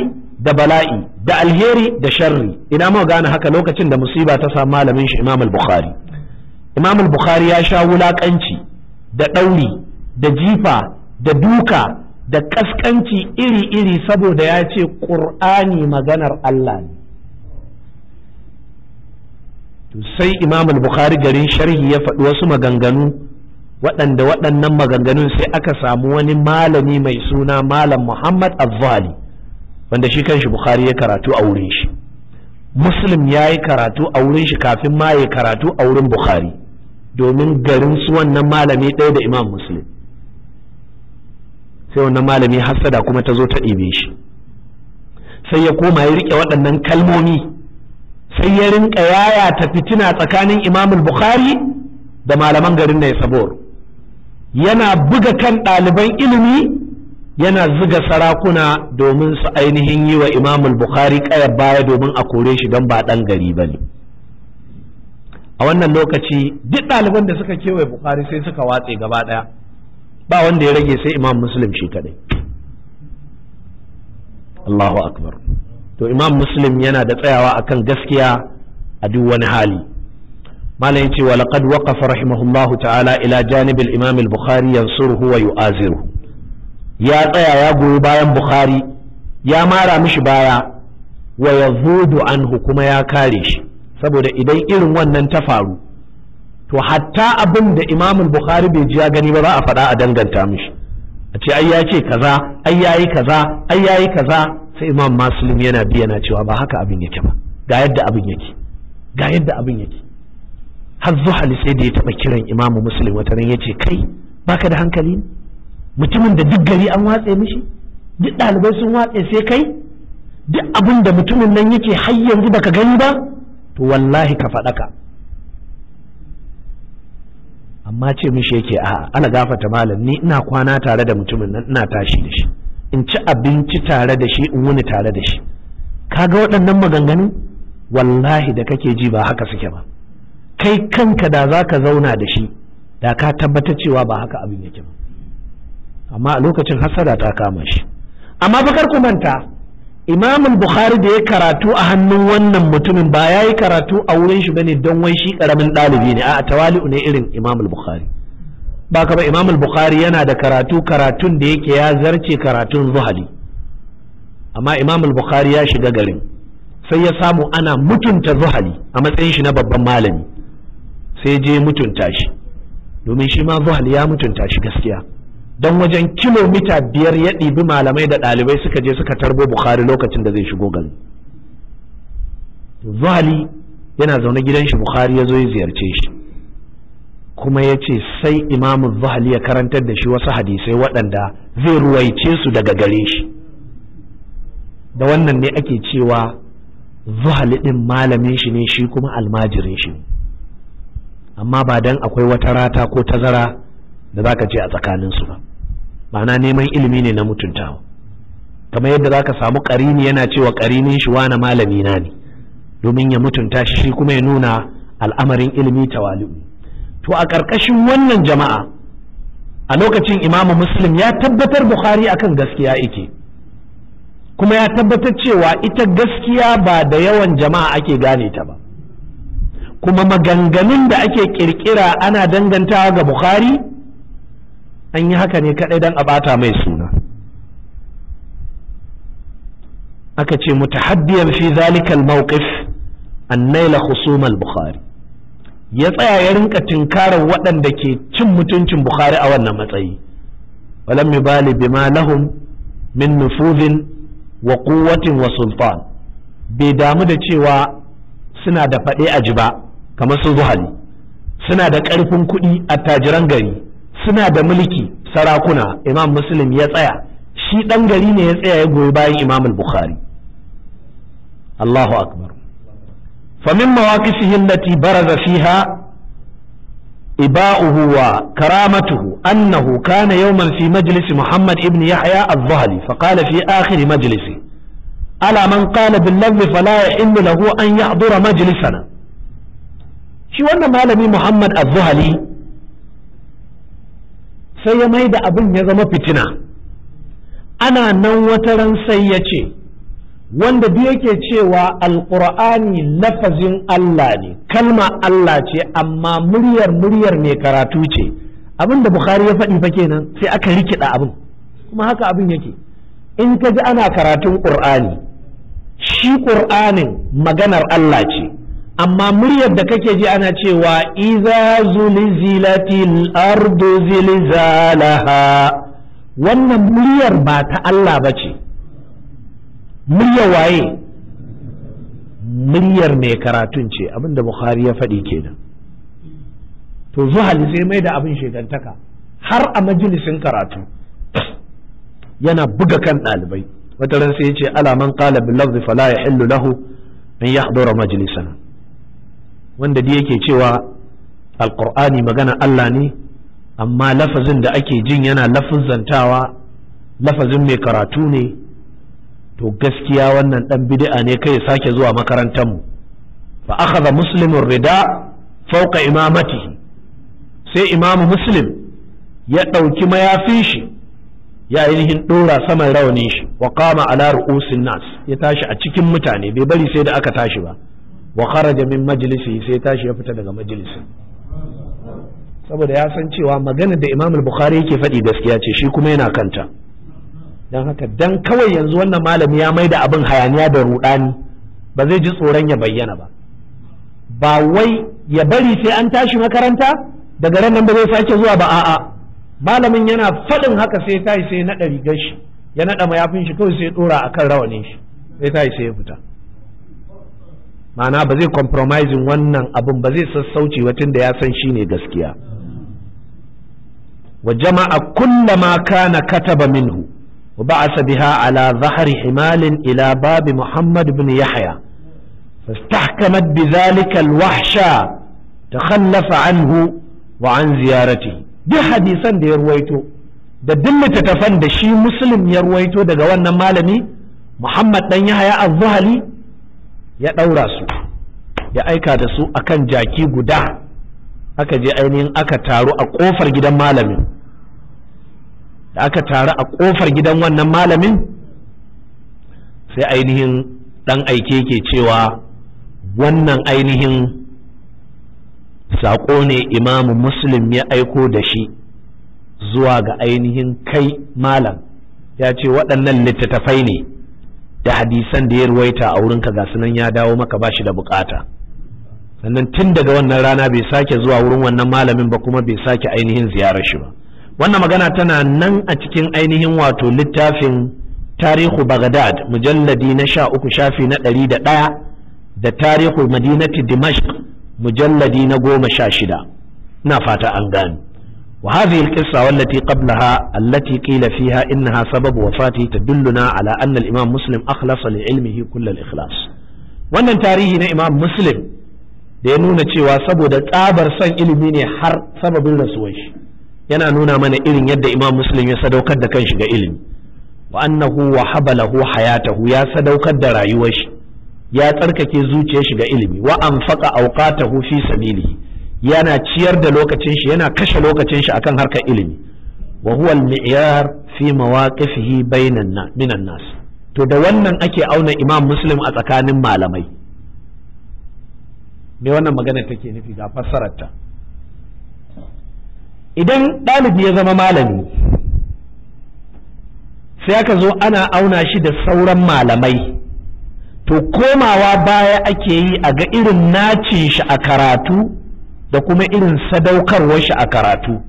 [SPEAKER 1] da bala'i da alheri da sharri ina ma gane haka lokacin da musiba ta samu malamin shi Imam al-Bukhari Imam al-Bukhari ya sha wulakanci da ɗauri da jifa da duka da kaskanci iri-iri saboda ya ce ƙur'ani maganar Allah ne sai imam bukhari garin sharhi ya faɗi wasu maganganu waɗanda waɗannan maganganun sai aka samu wani malami mai suna malam muhammad azzali wanda shi kanshi bukhari ya karatu a wurin shi muslim ya yi karatu a wurin shi kafin ma ya karatu a wurin bukhari domin garin su wannan malami ɗaya da imam muslim sai wannan malami hassada kuma ta zo ta ɗebe shi sai ya koma ya riƙe waɗannan kalmomi sai ya rinka yaya ta fitina tsakanin imamul bukhari da malaman garin na ya yana buga kan ɗaliban ilimi yana zuga sarakuna domin su ainihin yi wa imamul bukhari ƙayar baya domin a kore shi don ba ɗan gari ba ne a wannan lokaci duk ɗaliban da suka kewaye bukhari sai suka watse gaba ɗaya ba wanda ya rage sai imam muslim shi kadai Allahu akbar to imam muslim yana da tsayawa akan gaskiya a duk wani hali malam yace wa laqad waqafa rahimahullahu ta'ala ila janibil imam al-bukhari yansuruhu wa yu'aziru ya tsaya ya goyi bayan bukhari ya mara mishi baya wa yazudu anhu kuma ya kare shi saboda idan irin wannan ta faru to hatta abin da imamul bukhari bai ji ya gani ba za a faɗa a danganta mishi a ce ai ya ce kaza ai yayi kaza ai yayi kaza sai imam muslim yana biyana cewa ba haka abin yake ba ga yadda abin yake ga yadda abin yake har zuhali sai da ya taɓa kiran imamu muslim wata ran ya ce kai baka da hankali ne mutumin da duk gari an watse mishi duk ɗalibai sun watse sai kai duk abin da mutumin nan yake har yanzu baka gani ba to wallahi ka faɗaka amma ce mishi yake a ala gafata malam ni ina kwana tare da mutumin nan ina tashi da shi in ci abinci tare da shi in wuni tare da shi kaga waɗannan maganganun wallahi da kake ji ba haka suke ba kai kanka da za ka zauna da shi da ka tabbatar cewa ba haka abin yake ba amma a lokacin hasada ta kama shi amma kar ku manta imamul bukhari da ya karatu a hannun wannan mutumin ba ya yi karatu a wurin shi bane don wai shi karamin ɗalibi ne a tawali'u ne irin imamul bukhari ba ka ba imamul bukhari yana da karatu karatun da yake ya zarce karatun zuhali amma imamul bukhari ya shiga garin sai ya samu ana mutunta zuhali a matsayin shi na babban malami sai je mutunta shi domin shi ma zuhali ya mutunta shi gaskiya don wajen kilomita biyar ya ɗibi malamai da ɗalibai suka je suka tarbo bukhari lokacin da zai shigo gari zuhali yana zaune gidan shi bukhari ya zo ya ziyarce shi kuma ya ce sai imamu zuhali ya karantar da shi wasu hadisai waɗanda zai ruwaice su daga gare shi da wannan ne ake cewa zuhali ɗin malamin shi ne shi kuma almajirin shi amma ba don akwai wata rata ko tazara da za ka je a tsakaninsu ba ma'ana neman ilimi ne na mutuntawa kamar yadda za ka samu ƙarini yana cewa ƙarinin shi wani malami na ne domin ya mutunta shi shi kuma ya nuna al'amarin ilimi ta wali'u to a ƙarƙashin wannan jama'a a lokacin imamu muslim ya tabbatar bukhari akan gaskiya ike kuma ya tabbatar cewa ita gaskiya ba da yawan jama'a ake gane ta ba kuma maganganun da ake kirkira ana dangantawa ga bukhari an yi haka ne kadai dan a bata mai suna aka ce mutahaddiyan fi zalikal mawqif annaila khusum al-bukhari ya tsaya ya rinka tinkarar waɗanda ke cin mutuncin bukhari a wannan matsayi walam yubali bima lahum min nufuzin wa quwwatin wa sultan bai damu da cewa suna da faɗe a ji ba kamar su zuhali suna da ƙarfin kuɗi a tajiran gari suna da mulki sarakuna imam muslim ya tsaya shi dan gari ne ya tsaya ya goyi bayan imamul al-bukhari Allahu akbar fa min mawaqifihi allati baraza fiha iba'uhu wa karamatuhu annahu kana yawman fi majlisi muhammad ibn yahya adh-dhahli fa qala fi akhir majlisi ala man qala bil ladhi fala yahillu lahu an yahdura majlisana shi wannan malami muhammad adh-dhahli sai ya mai da abin ya zama fitina ana nan wata ran sai ya ce wanda duk yake cewa alƙur'ani lafazin Allah ne kalma Allah ce amma muryar muryar mai karatu ce abin da Bukhari ya faɗi fa kenan sai aka rikida abin kuma haka abin yake in ka ji ana karatun ƙur'ani shi ƙur'anin maganar Allah ce amma muryar da kake ji ana cewa iza zulzilatil ardu zilzalaha wannan muryar ba ta Allah ba ce muryar waye muryar mai karatun ce abinda bukhari ya faɗi kenan to zuhali sai mai da abin shegantaka har a majalisin karatu yana buga kan ɗalibai wata sai ya ce alaman qala bil lafzi fala yahillu lahu an yahdura majlisana wanda da yake cewa alkur'ani magana Allah ne amma lafazin da ake jin yana zantawa, lafazin mai karatu ne to gaskiya wannan dan bid'a ne kai sake zuwa makarantar mu fa akhadha muslimun rida fawqa imamatihi sai imamu muslim ya ɗauki mayafin shi ya ainihin ɗora saman rawanin shi wa kama ala ru'usin nas ya tashi a cikin mutane bai bari sai da aka tashi ba wa kharaja min majlisi sai tashi ya fita daga majalisin saboda ya san cewa magana da Imam al-Bukhari yake faɗi gaskiya ce shi kuma yana kanta dan haka dan kawai yanzu wannan malami ya maida abin hayaniya da rudani ba zai ji tsoron ya bayyana ba ba wai ya bari sai an tashi makaranta daga ran nan ba zai sake zuwa ba a'a malamin yana faɗin haka sai tashi sai naɗa rigar shi ya naɗa mayafin shi kawai sai ɗora akan rawanin shi sai tashi sai ya fita ma'ana ba zai compromising wannan abin ba zai sassauci wacin da ya san shi ne gaskiya wa jama'a kullama kana kataba minhu wa ba'asa biha ala zahri himalin ila babi muhammad bin yahya فاستحكمت بذلك الوحشة تخلف عنه وعن زيارته دي حديثا دي رويتو da duk littattafan da shi muslim ya ruwaito daga wannan malami muhammad dan yahya az-zuhali ya ɗaura su ya aika da su kan jaki guda aka je ainihin aka taru a ƙofar gidan malamin da aka taru a ƙofar gidan wannan malamin sai ainihin ɗan aike ke cewa wannan ainihin saƙo ne imamu muslim ya aiko da shi zuwa ga ainihin kai malam ya ce waɗannan littattafai ne da hadisan da ya ruwaita a wurinka ga sunan ya dawo maka bashi da bukata sannan tun daga wannan rana bai sake zuwa wurin wannan malamin ba kuma bai sake ainihin ziyarar shi ba wannan magana tana nan a cikin ainihin wato littafin tarihu bagdad mujalladi na sha uku shafi na ɗari da ɗaya da tarihu madinati dimashq mujalladi na goma sha shida na fata an gani وهذه القصة والتي قبلها التي قيل فيها إنها سبب وفاته تدلنا على أن الإمام مسلم أخلص لعلمه كل الإخلاص wannan tarihi na imam muslim da ya nuna cewa saboda tsabar son ilimi ne har sababin rasuwar shi yana nuna mana irin yadda imam muslim ya sadaukar da kanshi ga ilimi wa annahu wa habalahu hayatahu ya sadaukar da rayuwar shi ya tsarkake zuciyar shiga ilimi, ilimi wa anfaqa tahu fi sabilihi yana ciyar da lokacin shi yana kashe lokacin shi akan harkar ilimi wa huwa al-mi'yar fi mawaqifihi bainan minan nas to da wannan ake auna imam muslim a tsakanin malamai me wannan magana take nufi ga fassararta idan ɗalibi ya zama malami sai aka zo ana auna shi da sauran malamai to komawa baya ake yi a ga irin nacin shi a karatu da kuma irin sadaukarwar shi a karatu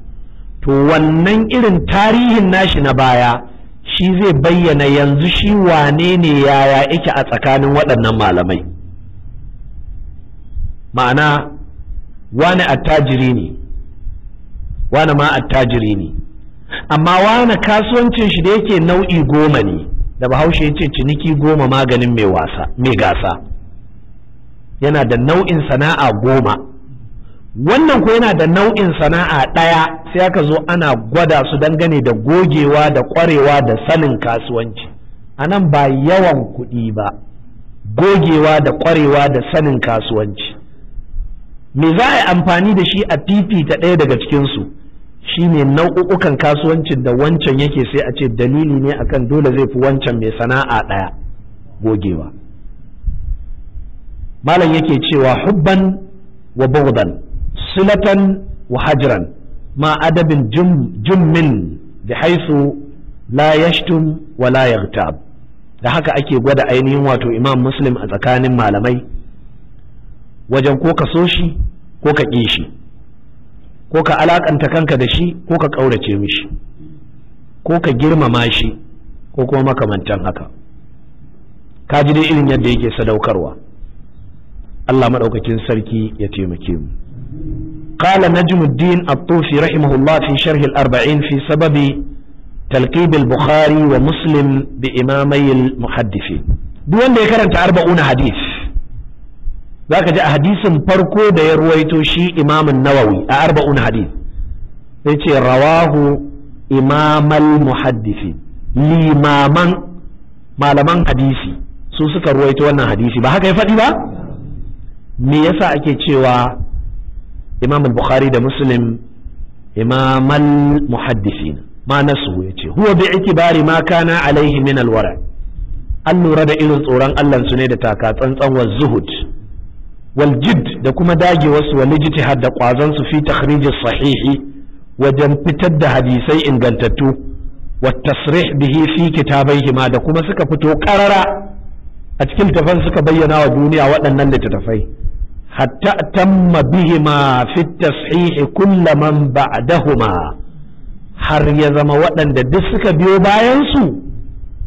[SPEAKER 1] to wannan irin tarihin nashi na baya shi zai bayyana yanzu shi wane ne yaya yake a tsakanin waɗannan malamai ma'ana wane attajiri ne wane ma attajiri ne amma wane kasuwancin shi da yake nau'i goma ne da bahaushe ya ce ciniki goma maganin mai gasa yana da nau'in sana'a goma wannan ko yana da nau'in sana'a ɗaya sai aka zo ana gwada su dangane da gogewa da ƙwarewa da sanin kasuwanci a nan ba yawan kuɗi ba gogewa da ƙwarewa da sanin kasuwanci me za a yi amfani da shi a fifita ɗaya daga cikinsu shi ne nau'ukan kasuwancin da wancan yake sai a ce dalili ne akan dole zai fi wancan mai sana'a ɗaya gogewa malam yake cewa hubban wa bugdan silatan wa ma'adabin ma adabin jummin bi haisu la yashtum wa la da haka ake gwada ainihin wato imam muslim a tsakanin malamai wajen ko ka so shi ko ka ƙi shi ko ka alaƙanta kanka da shi ko ka ƙaurace mishi ko ka girmama shi ko kuma makamantan haka ka ji dai irin yadda yake sadaukarwa Allah maɗaukakin sarki ya taimake mu قال نجم الدين الطوفي رحمه الله في شرح الأربعين في سبب تلقيب البخاري ومسلم بإمامي المحدثين دون دي كانت أربعون حديث ذاك جاء حديث فرقو دي رويتو شي إمام النووي أربعون حديث يتي رواه إمام المحدثين لإماما ما لمن حديثي سوسك رويتو أن حديثي ba haka ya faɗi ba imam al-bukhari da muslim imam al-muhaddisin ma nasu yace huwa bi ikibari ma alaihi min al an lura da irin tsoron Allah su ne da taka tsantsan wa zuhud Waljid da kuma dagewarsu wal ijtihad da kwazon su fi takhrij sahihi wajen fitar da hadisai ingantattu wa tasrih bihi fi kitabaihima ma da kuma suka fito karara a cikin tafan suka bayyana wa duniya waɗannan littattafai hatta tamma bihima fi tashihi kulla man ba'dahuma har ya zama waɗanda duk suka biyo bayansu?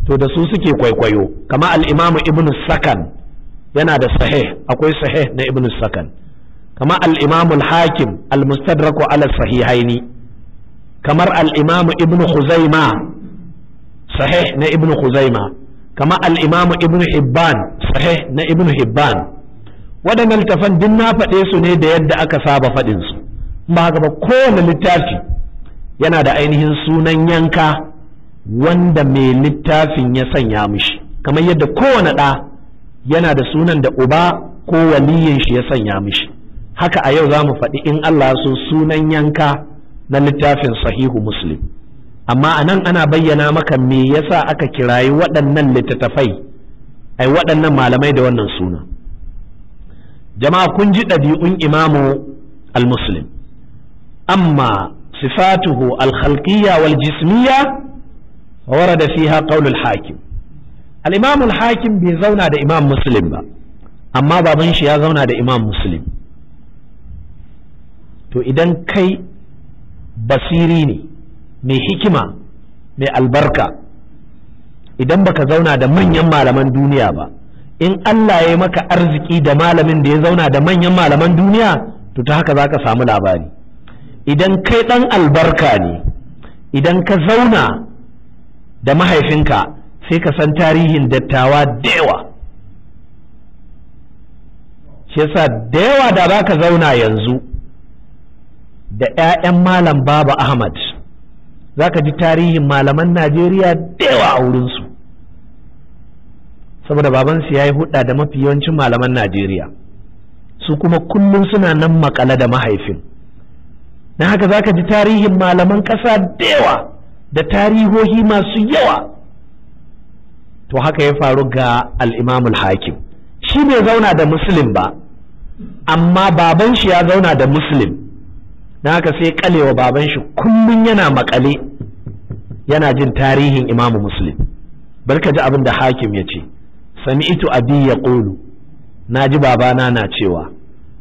[SPEAKER 1] to da su suke kwaikwayo kama Al'imamu ibn sakan yana da sahih akwai sahih na ibn sakan kama al-imam al-hakim al-mustadrak ala sahihaini kamar Al'imamu ibn khuzaima sahih na ibn khuzaima kama Al'imamu ibn hibban sahih na ibn hibban waɗannan littafan duk na faɗe su ne da yadda aka saba faɗin su ba haka ba kowane littafi yana da ainihin sunan yanka wanda mai littafin ya sanya mishi kamar yadda kowane ɗa yana da sunan da uba ko waliyin shi ya sanya mishi haka a yau za mu faɗi in Allah so sunan yanka na littafin sahihu muslim amma a nan ana bayyana maka me yasa aka kirayi waɗannan littattafai ai waɗannan malamai da wannan sunan jama'a kun ji ɗabi'un imamu al-muslim amma sifatuhu al-khalqiyya wal jismiyya warada fiha qaulul hakim al-imam al-hakim bai zauna da imam muslim ba amma baban shi ya zauna da imam muslim to idan kai basiri ne mai hikima mai albarka idan baka zauna da manyan malaman duniya ba in Allah ya maka arziki da malamin da ya zauna da manyan malaman duniya to ta haka za ka samu labari idan kai ɗan albarka ne idan ka zauna da mahaifinka sai ka san tarihin dattawa da yawa shi yasa da yawa da za ka zauna yanzu da 'ya'yan malam baba ahmad za ka ji tarihin malaman najeriya da yawa a wurinsu saboda babansu ya yi hudda da mafi yawancin malaman najeriya su kuma kullum suna nan makala da mahaifin na haka za ka ji tarihin malaman ƙasa da yawa da tarihohi masu yawa to haka ya faru ga al'imamul hakim shi bai zauna da musulun ba amma baban shi ya zauna da musulun na haka sai kalewa baban shi kullum yana makale yana jin tarihin imamu musulun Bar ka ji abin da hakim ya ce sami'tu abi yaqulu naji babana na cewa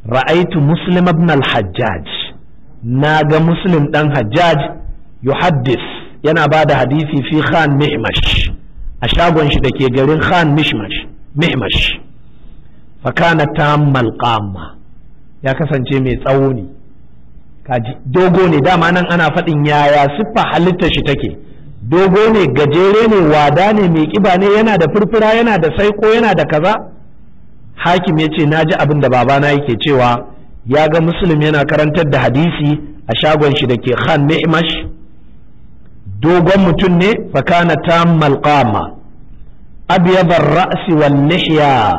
[SPEAKER 1] ra'aitu muslim ibn hajjaj na ga muslim dan hajjaj yuhaddis yana ba da hadisi fi khan mihmash a shagon shi da ke garin khan mishmash, mihmash fa kana tammal ya kasance mai tsawo ne kaji dogo ne dama nan ana faɗin yaya siffa halittar shi take dogo ne gajere ne wada ne mai kiba ne yana da furfura yana da saiko yana da kaza hakim ya ce na ji abin da babana yake cewa ya ga Musulmi yana karantar da hadisi a shagon shi da ke khan ni'mash dogon mutum ne fakana tammal qama abyabar ra'si wal lihya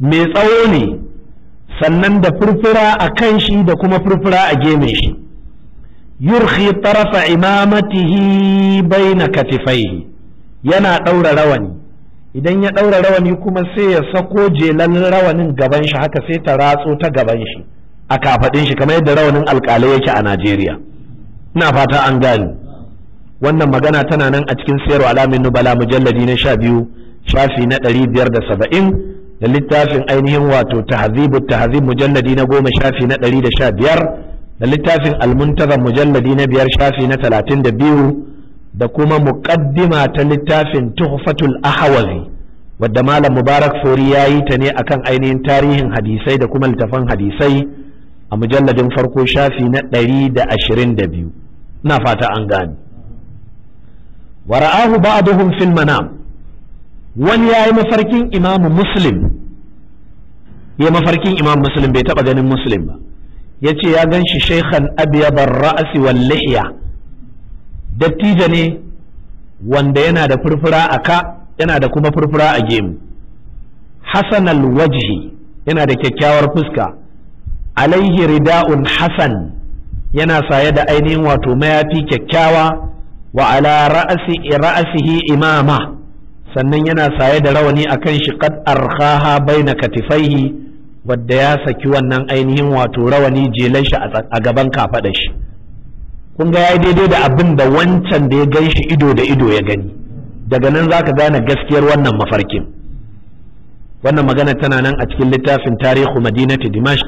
[SPEAKER 1] mai tsawo ne sannan da furfura a kan shi da kuma furfura a gemen shi yurhi tarafa imamatihi baina katifaihi yana ɗaura rawani idan ya ɗaura rawani kuma sai ya sako jelan rawanin gaban shi haka sai ta ratso ta gaban shi a kafaɗin shi kamar yadda rawanin alƙalai yake a Najeriya ina fata an gani wannan magana tana nan a cikin sayarwa alamin nubala mujalladi na sha biyu shafi na ɗari biyar da saba'in da littafin ainihin wato tahzibu tahzib mujalladi na goma shafi na ɗari da sha biyar da littafin almuntazam mujalladi na biyar shafi na talatin da biyu da kuma muqaddima ta littafin tuhfatul ahwazi wadda malam mubarak fori ya yi ta ne akan ainihin tarihin hadisai da kuma littafan hadisai a mujalladin farko shafi na ɗari da ashirin da biyu na fata an gane wara'ahu ba'duhum fil manam wani yayi mafarkin imamu muslim ya mafarkin imam muslim bai taba ganin muslim ba Ya ce ya ganshi shi abyabar abiyabar wal lihya dattijo ne wanda yana da furfura a ka yana da kuma furfura a gemu Hassanal wajihi yana da kyakkyawar fuska alaihi rida'un hasan yana saye da ainihin wato mayafi kyakkyawa wa ala ra'asihi imama sannan yana saye da rawani akan shi qad arkhaha baina katifaihi wadda ya saki wannan ainihin wato rawani jelan shi a gaban kafaɗa shi kun ga yi daidai da abin da wancan da ya gan shi ido da ido ya gani daga nan za ka gane gaskiyar wannan mafarkin wannan magana tana nan a cikin littafin tarihu madinati dimashq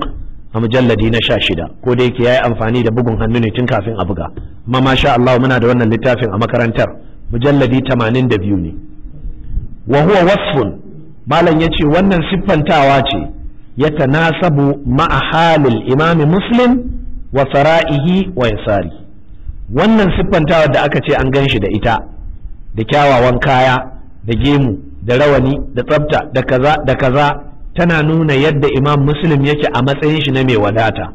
[SPEAKER 1] a mujalladi na sha shida ko da yake yi amfani da bugun hannu ne tun kafin a buga amma masha Allah muna da wannan littafin a makarantar mujalladi tamanin da biyu ne wa huwa wasfun malam yace wannan siffantawa ce yatanasabu ma'a halil imami muslim wa sara'ihi wa wannan siffantawar da aka ce an gan shi da ita da kyawawan kaya da gemu da rawani da tsafta da kaza da kaza tana nuna yadda imam muslim yake a matsayin shi na mai wadata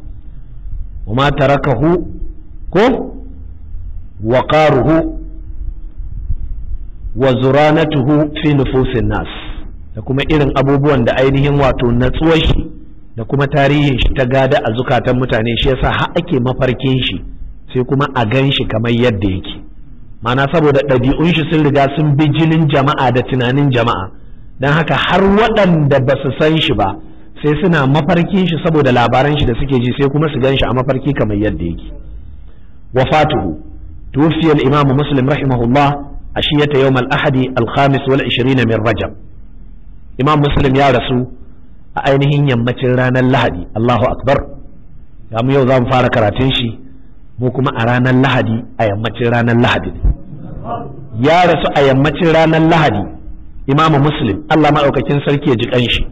[SPEAKER 1] kuma tarakahu ko waqaruhu wa zuranatuhu fi nufusin nas da kuma irin abubuwan da ainihin wato natsuwar shi da kuma tarihin shi ta gada a zukatan mutane shi yasa har ake mafarkin shi sai kuma a gan shi kamar yadda yake mana saboda ɗabi'un shi sun riga sun bi jinin jama'a da tunanin jama'a don haka har waɗanda ba su san shi ba sai suna mafarkin shi saboda labaran shi da suke ji sai kuma su gan shi a mafarki kamar yadda yake wafatuhu Tufiyar imam muslim rahimahullah a shiyata yau ahadi Alkhamis khamis wal 20 min rajab imam muslim ya rasu a ainihin yammacin ranar lahadi allahu akbar ya mu yau za mu fara karatun shi mu kuma a ranar lahadi a yammacin ranar lahadi ya rasu a yammacin ranar lahadi Imam muslim allah ma'aukakin sarki ya ji ƙanshi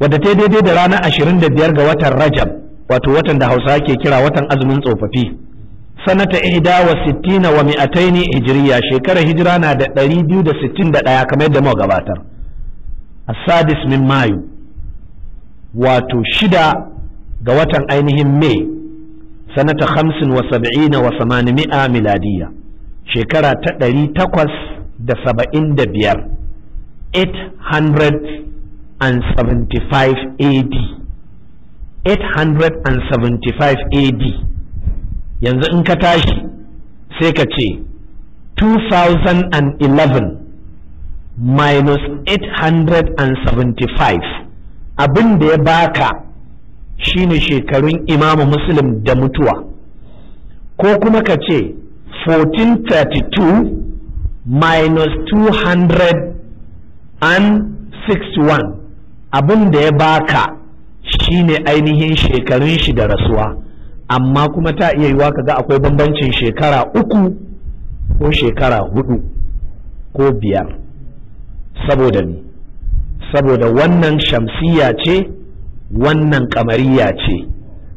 [SPEAKER 1] wadda ta daidai da ranar ashirin da biyar ga watan rajab wato watan da hausa ke kira watan azumin tsofaffi sanata ihda wa sittina wa mi'ataini hijriya shekarar hijira na da ɗari biyu da sittin da ɗaya kamar yadda muka gabatar asadis min mayu wato shida ga watan ainihin mai sanata hamsin wa sab'ina wa samanimi'a miladiya shekara ta ɗari takwas da saba'in da biyar 875 AD 875 AD yanzu in ka tashi sai ka ce 2011 minus 875 abin da ya baka shine shekarun imamu muslim da mutuwa ko kuma ka ce 1432 minus 261 abin da ya baka shine ainihin shekarun shi da rasuwa amma kuma ta iya yiwa kaga akwai bambancin shekara uku ko shekara hudu ko biyar saboda ni saboda wannan shamsiya ce wannan kamariya ce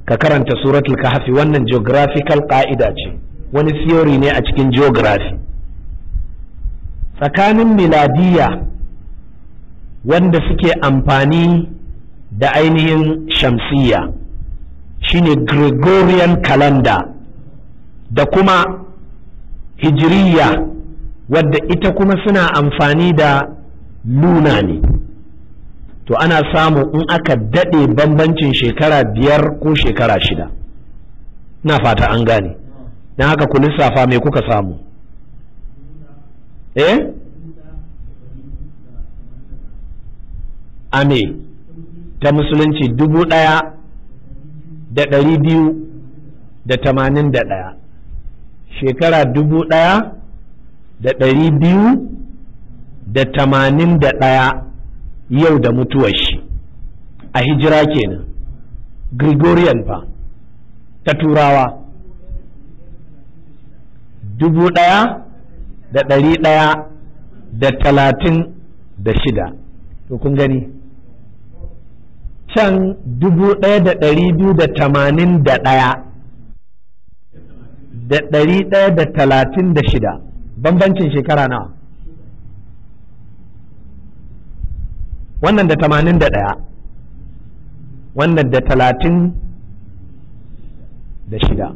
[SPEAKER 1] ka karanta suratul kahfi wannan geographical ka'ida ce wani theory ne a cikin geography tsakanin miladiya wanda suke amfani da ainihin shamsiya shine gregorian calendar da kuma hijiriya wadda ita kuma suna amfani da luna ne to ana samu in aka daɗe bambancin shekara biyar ko shekara shida na fata an gane na haka ku lissafa me kuka samu eh ame ta musulunci dubu ɗaya da ɗari biyu da tamanin da ɗaya shekara dubu ɗaya da ɗari biyu da tamanin da ɗaya yau da mutuwa shi a hijira kenan gregorian fa ta turawa dubu ɗaya da ɗari ɗaya da talatin da shida to kun gani can dubu ɗaya da ɗari biyu da tamanin da ɗaya da ɗari ɗaya da talatin da shida bambancin shekara nawa wannan da tamanin da ɗaya wannan da talatin da shida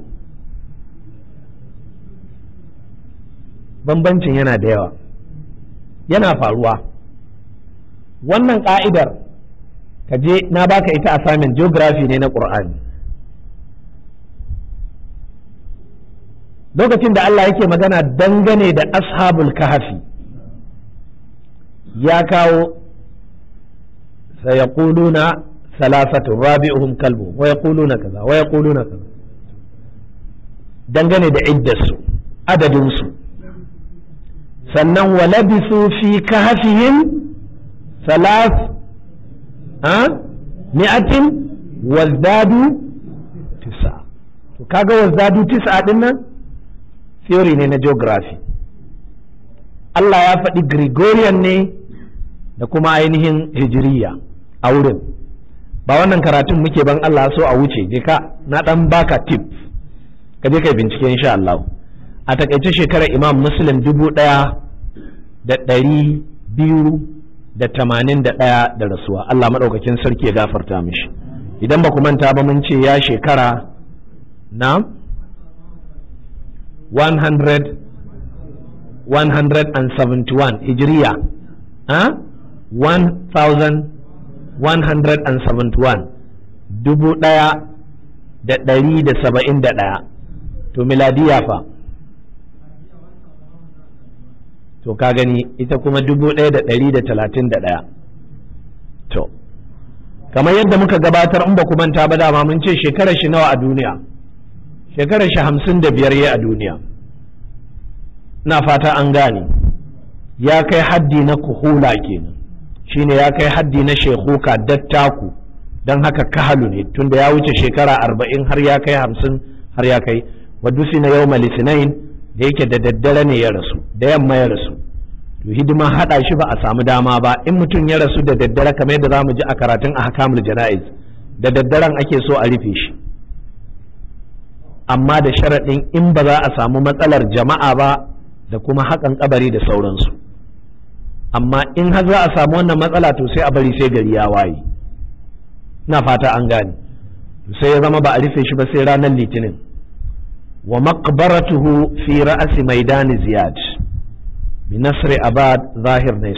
[SPEAKER 1] bambancin yana da yawa yana faruwa wannan ƙa'idar ka je na baka ita assignment geography ne na qur'ani lokacin da Allah yake magana dangane da ashabul kahafi ya kawo sayaquluna salasatu rabi'uhum kalbu wa yaquluna kaza wa yaquluna kaza dangane da iddarsu adadinsu sannan walabisu fi kahfihim salas mi'atin wazdadu tisa to kaga wazdadu tisa din nan theory ne na geography Allah ya faɗi Gregorian ne da kuma ainihin hijiriya a wurin ba wannan karatun muke ban Allah so a wuce je ka na dan baka tip ka je kai bincike insha Allah a takaice shekarar Imam Muslim dubu ɗaya da ɗari biyu da tamanin da ɗaya da rasuwa Allah maɗaukakin sarki ya gafarta mishi idan ba ku manta ba mun ce ya shekara na 171 hijiriya 1171 dubu ɗaya da ɗari da saba'in da ɗaya to miladiya fa to ka gani ita kuma dubu ɗaya da ɗari da talatin da ɗaya to kamar yadda muka gabatar in ba ku manta ba dama mun ce shekarar shi nawa a duniya shekarar shi hamsin da biyar ya a duniya na fata an gane ya kai haddi na kuhula kenan shine ya kai haddi na shekuka dattaku don haka kahalu ne tunda ya wuce shekara arba'in har ya kai hamsin har ya kai wadusi na yau malisinain da yake da daddare ne ya rasu da yamma ya rasu to hidima hada shi ba a samu dama ba in mutum ya rasu da daddare kamar yadda zamu ji a karatun a ahkamul jana'iz da daddaren ake so a rufe shi amma da sharaɗin in ba za a samu matsalar jama'a ba da kuma haƙan kabari da sauransu amma in har za a samu wannan matsala to sai a bari sai gari ya waye na fata an gane sai ya zama ba a rufe shi ba sai ranar litinin wa maqbaratuhu fi ra'asi maidani ziyad bi nasri abad zahir ne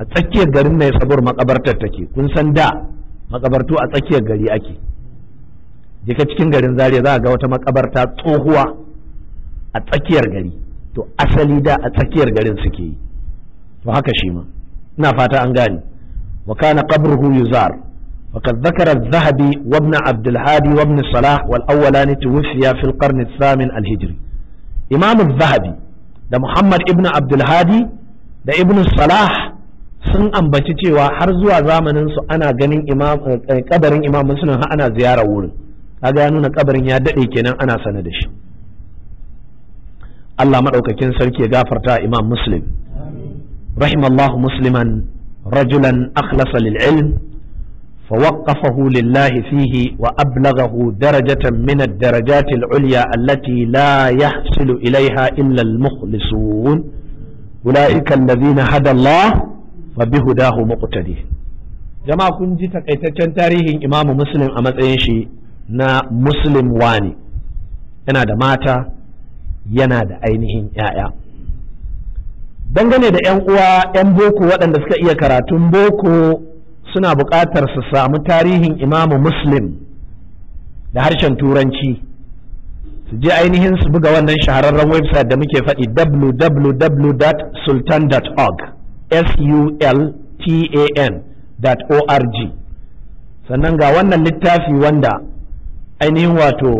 [SPEAKER 1] a tsakiyar garin ne sabur makabartar take kun san da makabartu a tsakiyar gari ake je ka cikin garin zaria za ga wata makabarta tsohuwa a tsakiyar gari to asali da a tsakiyar garin suke yi to haka shi ma ina fata an gane wa kana qabruhu yuzar وقد ذكر الذهبي وابن عبد الهادي وابن صلاح والأولان توفيا في القرن الثامن الهجري إمام الذهبي ده محمد ابن عبد الهادي ده ابن صلاح sun ambaci cewa har zuwa zamanin su ana ganin kabarin imam musulun har ana ziyarar wurin kaga ya nuna kabarin ya daɗe kenan ana sane da shi Allah maɗaukakin sarki ya gafarta imam muslim rahimallahu musliman rajulan akhlasa lil ilm فوقفه لله فيه وأبلغه درجة من الدرجات العليا التي لا يحصل إليها إلا المخلصون أولئك الذين هدى الله فبهداه مقتدي جماعة كنت تقيتتشن تاريخ إمام مسلم أمت إنشي نا مسلم واني أنا دماتا yana da ainihin ‘ya'ya. Dangane da ‘yan uwa ‘yan boko waɗanda suka iya karatun boko suna buƙatar su samu tarihin imamu muslim da harshen turanci su je ainihin su buga wannan shahararren website da muke faɗi www.sultan.org s-u-l-t-a-n.org sannan ga wannan littafi wanda ainihin wato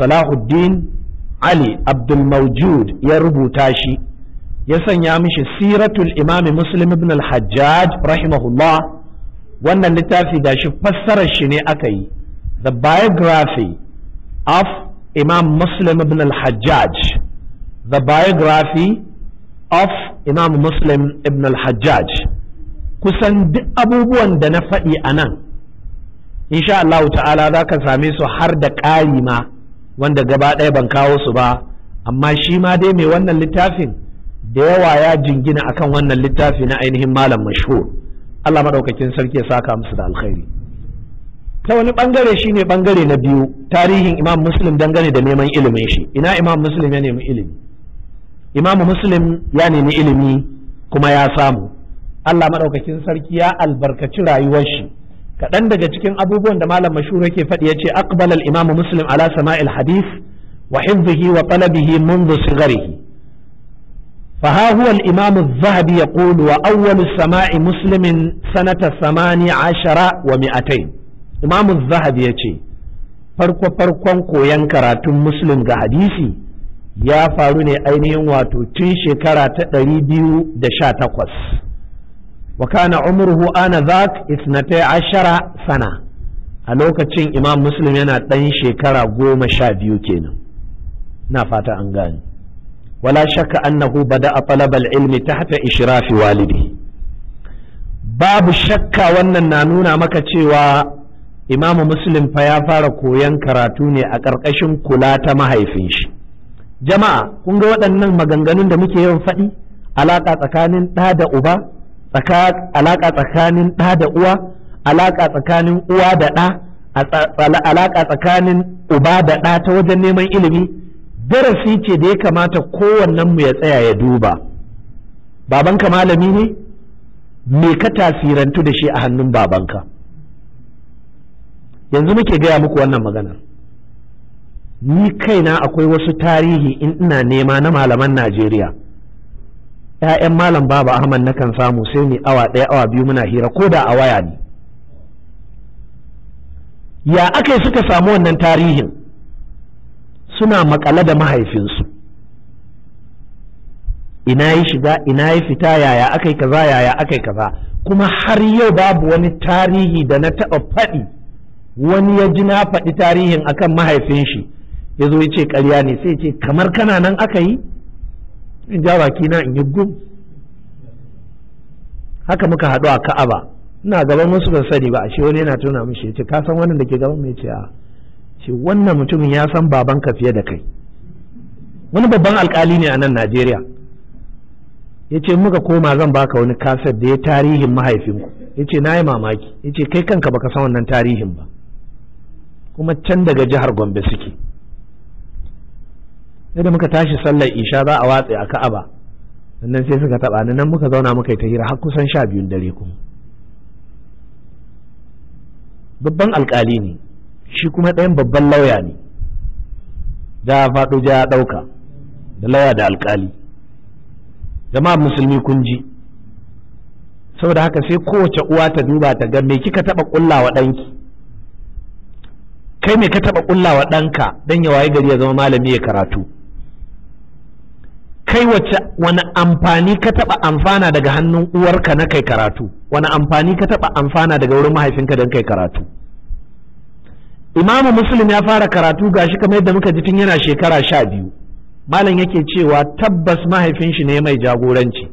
[SPEAKER 1] salahuddin ali abdulmaujud ya rubuta shi ya sanya mishi siratul imami muslim ibn al-hajjaj rahimahullah wannan littafi shi fassarar shi ne aka yi the biography of imam muslim ibn al-hajjaj the biography of imam muslim ibn al-hajjaj kusan duk abubuwan da na faɗi a nan insha Allah ta'ala za ka same su har da ƙari ma wanda gaba ɗaya ban kawo su ba amma shi ma dai mai wannan littafin da yawa ya jingina akan wannan littafi na ainihin malam mashhur Allah maɗaukakin sarki ya saka musu da alkhairi ta wani bangare ne bangare na biyu tarihin imam muslim dangane da neman ilimin shi ina imam muslim ya nemi ilimi imam muslim ya nemi ilimi kuma ya samu Allah maɗaukakin sarki ya albarkaci rayuwar shi kaɗan daga cikin abubuwan da malam mashhur yake faɗi ya aqbala al-imam muslim ala sama'il hadith wa hifdhihi wa talabihi منذ صغره فها هو الإمام الذهبي يقول وأول سماع مسلم سنة ثماني عشر ومئتين إمام الذهبي يتي فرقو فرق ينكرا تم مسلم غا حديثي يا فاروني أينين واتو تنشي كرات ريبيو دشاتقوس وكان عمره آن ذاك اثنتي عشر سنة تشين إمام مسلم ينا تنشي كرا غوم شابيو كينا نافات أنغاني wala shakka annahu bada'a talab al-ilmi tahta ishrafi walidi babu shakka wannan na nuna maka cewa imamu muslim fa ya fara koyon karatu ne a ƙarƙashin kula ta mahaifin shi jama'a kun ga waɗannan maganganun da muke yawan faɗi alaƙa tsakanin ɗa da uba alaƙa tsakanin ɗa da uwa alaƙa tsakanin uwa da ɗa alaƙa tsakanin uba da ɗa ta wajen neman ilimi darasi ce da ya kamata kowannen mu ya tsaya ya duba babanka malami ne me ka tasirantu da shi a hannun babanka yanzu muke gaya muku wannan magana ni kaina akwai wasu tarihi in ina nema na malaman najeriya ‘ya'yan malam baba ahmad na kan samu sai ni awa ɗaya awa biyu muna hira ko da a waya ne ya aka suka samu wannan tarihin suna makale da mahaifinsu ina yi shiga ina yi fita yaya aka kaza yaya aka kaza kuma har yau babu wani tarihi da na taɓa faɗi wani ya ji na faɗi tarihin akan mahaifin shi ya zo ya ce ƙarya ne sai ce kamar kana nan aka yi in ja baki na in yi gum haka muka haɗu a ka'aba ina gaban wasu ban sani ba ashe wani yana tuna mishi ya ce ka san wani da ke gaban mai ce a'a ce wannan mutumin ya san babanka fiye da kai wani babban alkali ne a nan najeriya ya ce muka koma zan baka wani kaset da ya tarihin mahaifinku ya ce na yi mamaki ya ce kai kanka baka san wannan tarihin ba kuma can daga jihar gombe suke yadda da muka tashi sallar isha za a watse a ka'aba sannan sai suka taba ni nan muka zauna muka yi ta hira har kusan sha biyun dare kuma babban alkali ne shi kuma ɗayan babban lauya ne a faɗo ja ya ɗauka da lauya da alƙali jama'a musulmi kun ji saboda haka sai kowace uwa ta duba ta ga me kika taɓa ƙullawa ɗanki kai me ka taɓa ƙullawa ɗanka don ya waye gari ya zama malami ya karatu kai wace wani amfani ka taɓa amfana daga hannun uwarka na kai karatu wani amfani ka taɓa amfana daga wurin mahaifinka don kai karatu imamu muslim ya fara karatu gashi kamar yadda muka ji tun yana shekara sha biyu malam yake cewa tabbas mahaifin shi ne mai jagoranci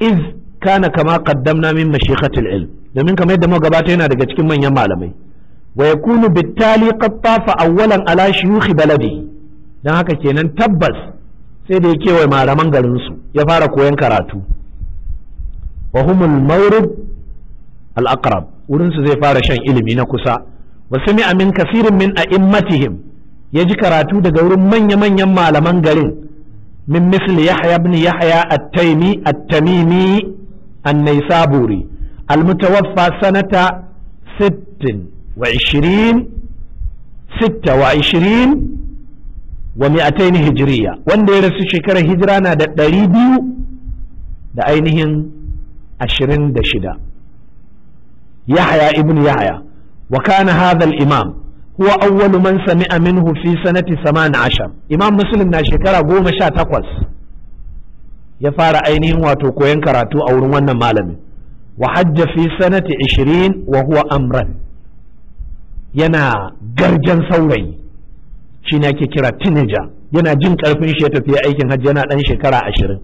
[SPEAKER 1] iz kana kama qaddamna min mashikatul ilm domin kamar yadda muka gabata yana daga cikin manyan malamai wa yakunu bittali qad awwalan ala shuyukh baladi dan haka kenan tabbas sai da ya kewaye malaman garin su ya fara koyan karatu wa humul al aqrab wurin zai fara shan ilimi na kusa wa sami'a min kasirin min a'immatihim ya ji karatu daga wurin manya-manyan malaman garin min misli yahya ibn yahya at-taymi at-tamimi an-naysaburi al-mutawaffa sanata 26 26 wa 200 hijriya wanda ya rasu shekarar hijira na da ɗari biyu da ainihin 26 yahya ibn yahya wa kana hadha imam huwa awwalu man sami'a minhu fi sanati 18 imam muslim na shekara goma sha 18 ya fara ainihin wato koyon karatu a wurin wannan malamin wa hajja fi sanati 20 wa huwa amran yana garjan saurayi shi ne ake kira teenager yana jin karfin shi ya tafi aikin hajji yana dan shekara 20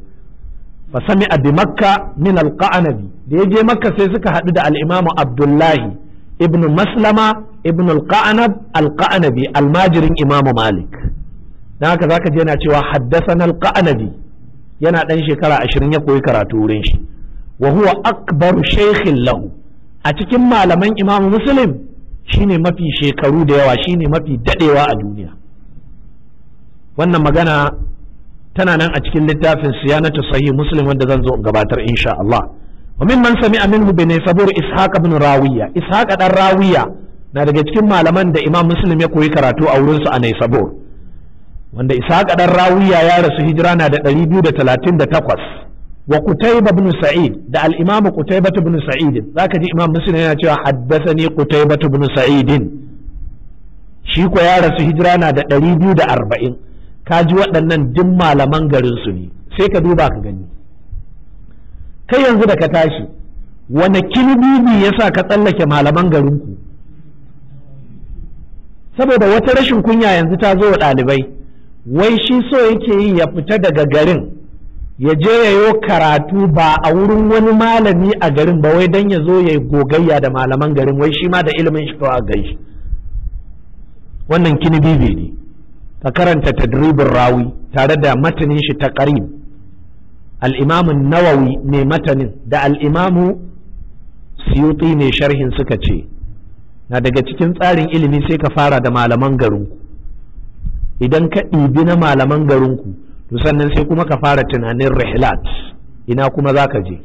[SPEAKER 1] fa sami'a bi makka min al-qanabi da ya je makka sai suka haɗu da al abdullahi ibnu maslama ibnu al-qanab al-qanabi almajirin imamu malik dan haka zaka je yana cewa haddasa al-qanabi yana ɗan shekara ashirin ya koyi karatu wurin shi Wahuwa huwa akbaru shaykhin lahu a cikin malaman imamu muslim shine mafi shekaru da yawa shine mafi daɗewa a duniya wannan magana tana nan a cikin littafin siyanatu sahih muslim wanda zan zo in gabatar insha Allah wa mimman sami'a minhu bi sabur ishaq ibn rawiya ishaq ɗan rawiya na daga cikin malaman da imam muslim ya koyi karatu a wurinsu a nisabur wanda ishaq dan rawiya ya rasu hijira na da 238 wa Qutayba ibn Sa'id da al-Imam Qutayba ibn Sa'id zaka ji Imam Muslim yana cewa haddathani Qutayba ibn Sa'id shi ko ya rasu hijira na da 240 ji waɗannan duk malaman garin su ne sai ka duba ka gani kai yanzu da ka tashi wane kilibibi ya sa ka tsallake malaman garinku saboda wata rashin kunya yanzu ta zo wa ɗalibai wai shi so yake yi ya fita daga garin ya je ya yi karatu ba a wurin wani malami a garin ba wai don ya zo ya yi gogayya da malaman garin wai shi ma da ilimin shi a gai wannan kinibibi ne ka karanta tadribin rawi tare da matanin shi ta karim al'imamun nawawi ne matanin da al'imamu siyuti mai sharhin suka ce na daga cikin tsarin ilimi sai ka fara da malaman garinku idan ka ɗibi na malaman garinku to sannan sai kuma ka fara tunanin rihlat ina kuma za ka je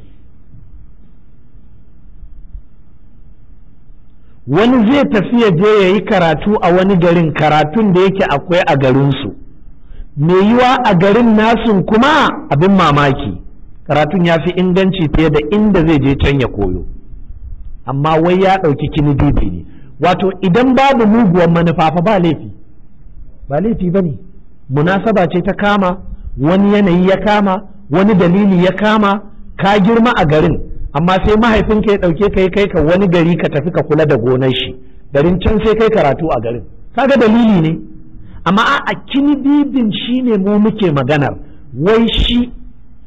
[SPEAKER 1] wani zai tafiya je yayi yi karatu a wani garin karatun da yake akwai a garinsu me yiwa a garin nasun kuma abin mamaki karatun ya fi inganci fiye da inda zai je can ya koyo amma wai ya ɗauki kini bibi ne wato idan babu muguwan manufa fa ba laifi ba laifi ba ne munasaba ce ta kama wani yanayi ya kama wani dalili ya kama ka girma a garin amma sai mahaifinka ya ɗauke ka kai ka wani gari ka tafi ka kula da gonar shi garin can sai kai karatu a garin kaga dalili ne amma a kinibibin shi ne mu muke maganar wai shi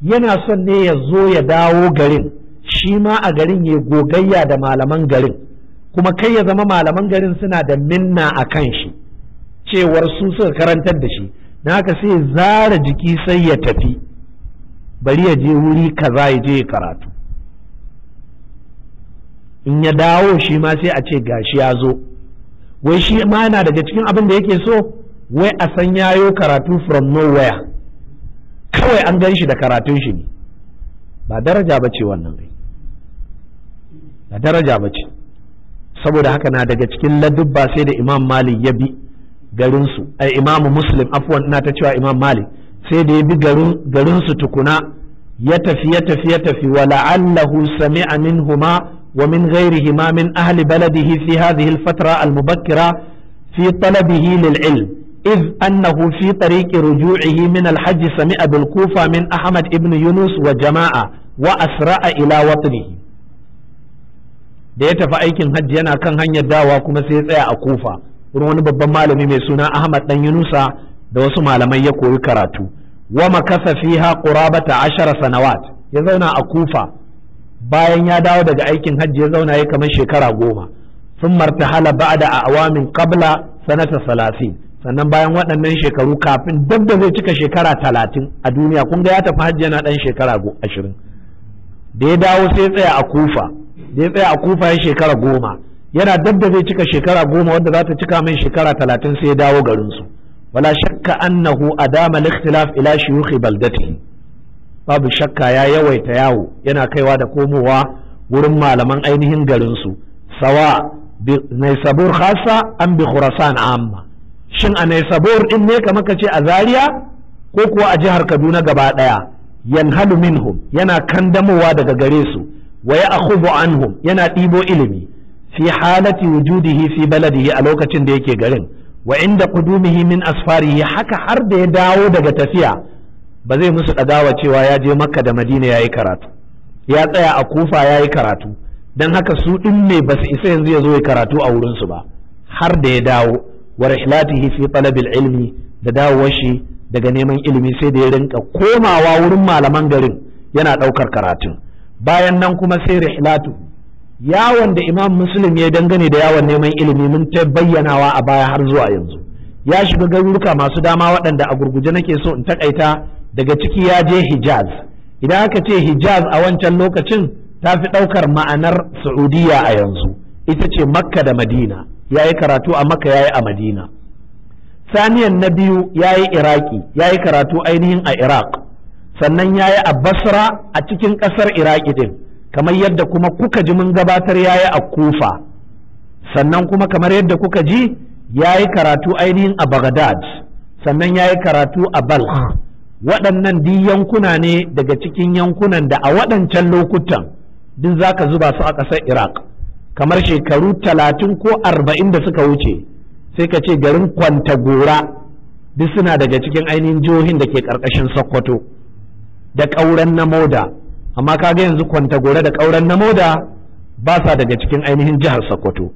[SPEAKER 1] yana son ne ya zo ya dawo garin shi ma a garin ya gogayya da malaman garin kuma kai ya zama malaman garin suna da minna a kan shi cewar su suka karantar da shi na haka sai zara jiki sai ya tafi bari ya je wuri kaza ya je karatu in ya dawo shi ma sai a ce gashi ya zo wai shi ma yana daga cikin abin da yake so wai a san yayo karatu from nowhere kawai an gan shi da karatun shi ne ba daraja ba ce wannan rai ba daraja ba ce saboda haka na daga cikin ladubba sai da imam malik ya bi garinsu ai imamu muslim afwan na ta cewa imam malik sai da ya bi garinsu tukuna ya tafi ya tafi ya tafi wa la'allahu sami'a minhuma wa min ghairihima min ahli baladihi fi hadhihi al-fatra al-mubakkira fi talabihi lil ilm iz annahu fi tariqi ruju'ihi min al-hajj sami'a bil min ahmad ibn yunus wa jama'a wa asra'a ila da ya tafi aikin hajji yana kan hanyar dawa kuma sai ya tsaya a kufa wurin wani babban malami mai suna ahmad dan yunusa da wasu malamai ya koyi karatu wa makasa fiha qurabata ashara sanawat ya zauna a kufa bayan ya dawo daga aikin hajji ya zauna ya kamar shekara goma sun martahala ba'da a awamin qabla sanata salasin sannan bayan waɗannan shekaru kafin duk da zai cika shekara talatin a duniya kun ga ya tafi hajji yana ɗan shekara ashirin da ya dawo sai tsaya a kufa da ya tsaya a kufa ya shekara goma yana duk da zai cika shekara goma wadda za ta cika min shekara talatin sai ya dawo garinsu wala shakka annahu adama al-ikhtilaf ila shuyukhi baldatihi babu shakka ya yawaita yawo yana kaiwa da komowa wurin malaman ainihin garinsu sawa bi naisabur khassa an bi khurasan amma shin a naisabor din ne kamar ka ce a Zaria ko kuwa a jihar Kaduna gaba ɗaya yanhalu minhum yana kandamowa daga gare su wa ya'khudhu anhum yana ɗibo ilimi fi halati wujudihi fi baladihi a lokacin da yake garin wa inda qudumihi min asfarihi haka har da ya dawo daga tafiya ba zai musu dagawa cewa ya je Makka da Madina yayi karatu ya tsaya a Kufa yayi karatu dan haka su ɗin ne ba su isa yanzu ya zo karatu a wurinsu ba har da ya dawo wa rihlatihi fi talabil ilmi da dawowar shi daga neman ilimi sai da ya rinka komawa wurin malaman garin yana ɗaukar karatun bayan nan kuma sai rihlatu yawon da imam muslim ya dangane da yawon neman ilimi mun ta bayyanawa a baya har zuwa yanzu ya shiga garuruka masu dama waɗanda a gurguje nake so in takaita daga ciki ya je hijaz idan aka ce hijaz a wancan lokacin ta fi ɗaukar ma'anar saudiya a yanzu ita ce makka da madina ya yi karatu a maka ya yi a madina saniyan na biyu ya yi iraki ya yi karatu ainihin a iraq sannan ya yi a basra a cikin ƙasar iraki din kamar yadda kuma kuka ji mun gabatar ya yi a kufa sannan kuma kamar yadda kuka ji ya yi karatu ainihin a baghdad sannan ya yi karatu a balkh waɗannan duk yankuna ne daga cikin yankunan da a waɗancan lokutan duk za ka zuba su a ƙasar iraq kamar shekaru talatin ko arba'in da suka wuce sai ka ce garin kwantagora duk suna daga cikin ainihin jihohin da ke ƙarƙashin sokoto da ƙauren na moda amma kaga yanzu kwantagora da ƙauren na moda ba sa daga cikin ainihin jihar sokoto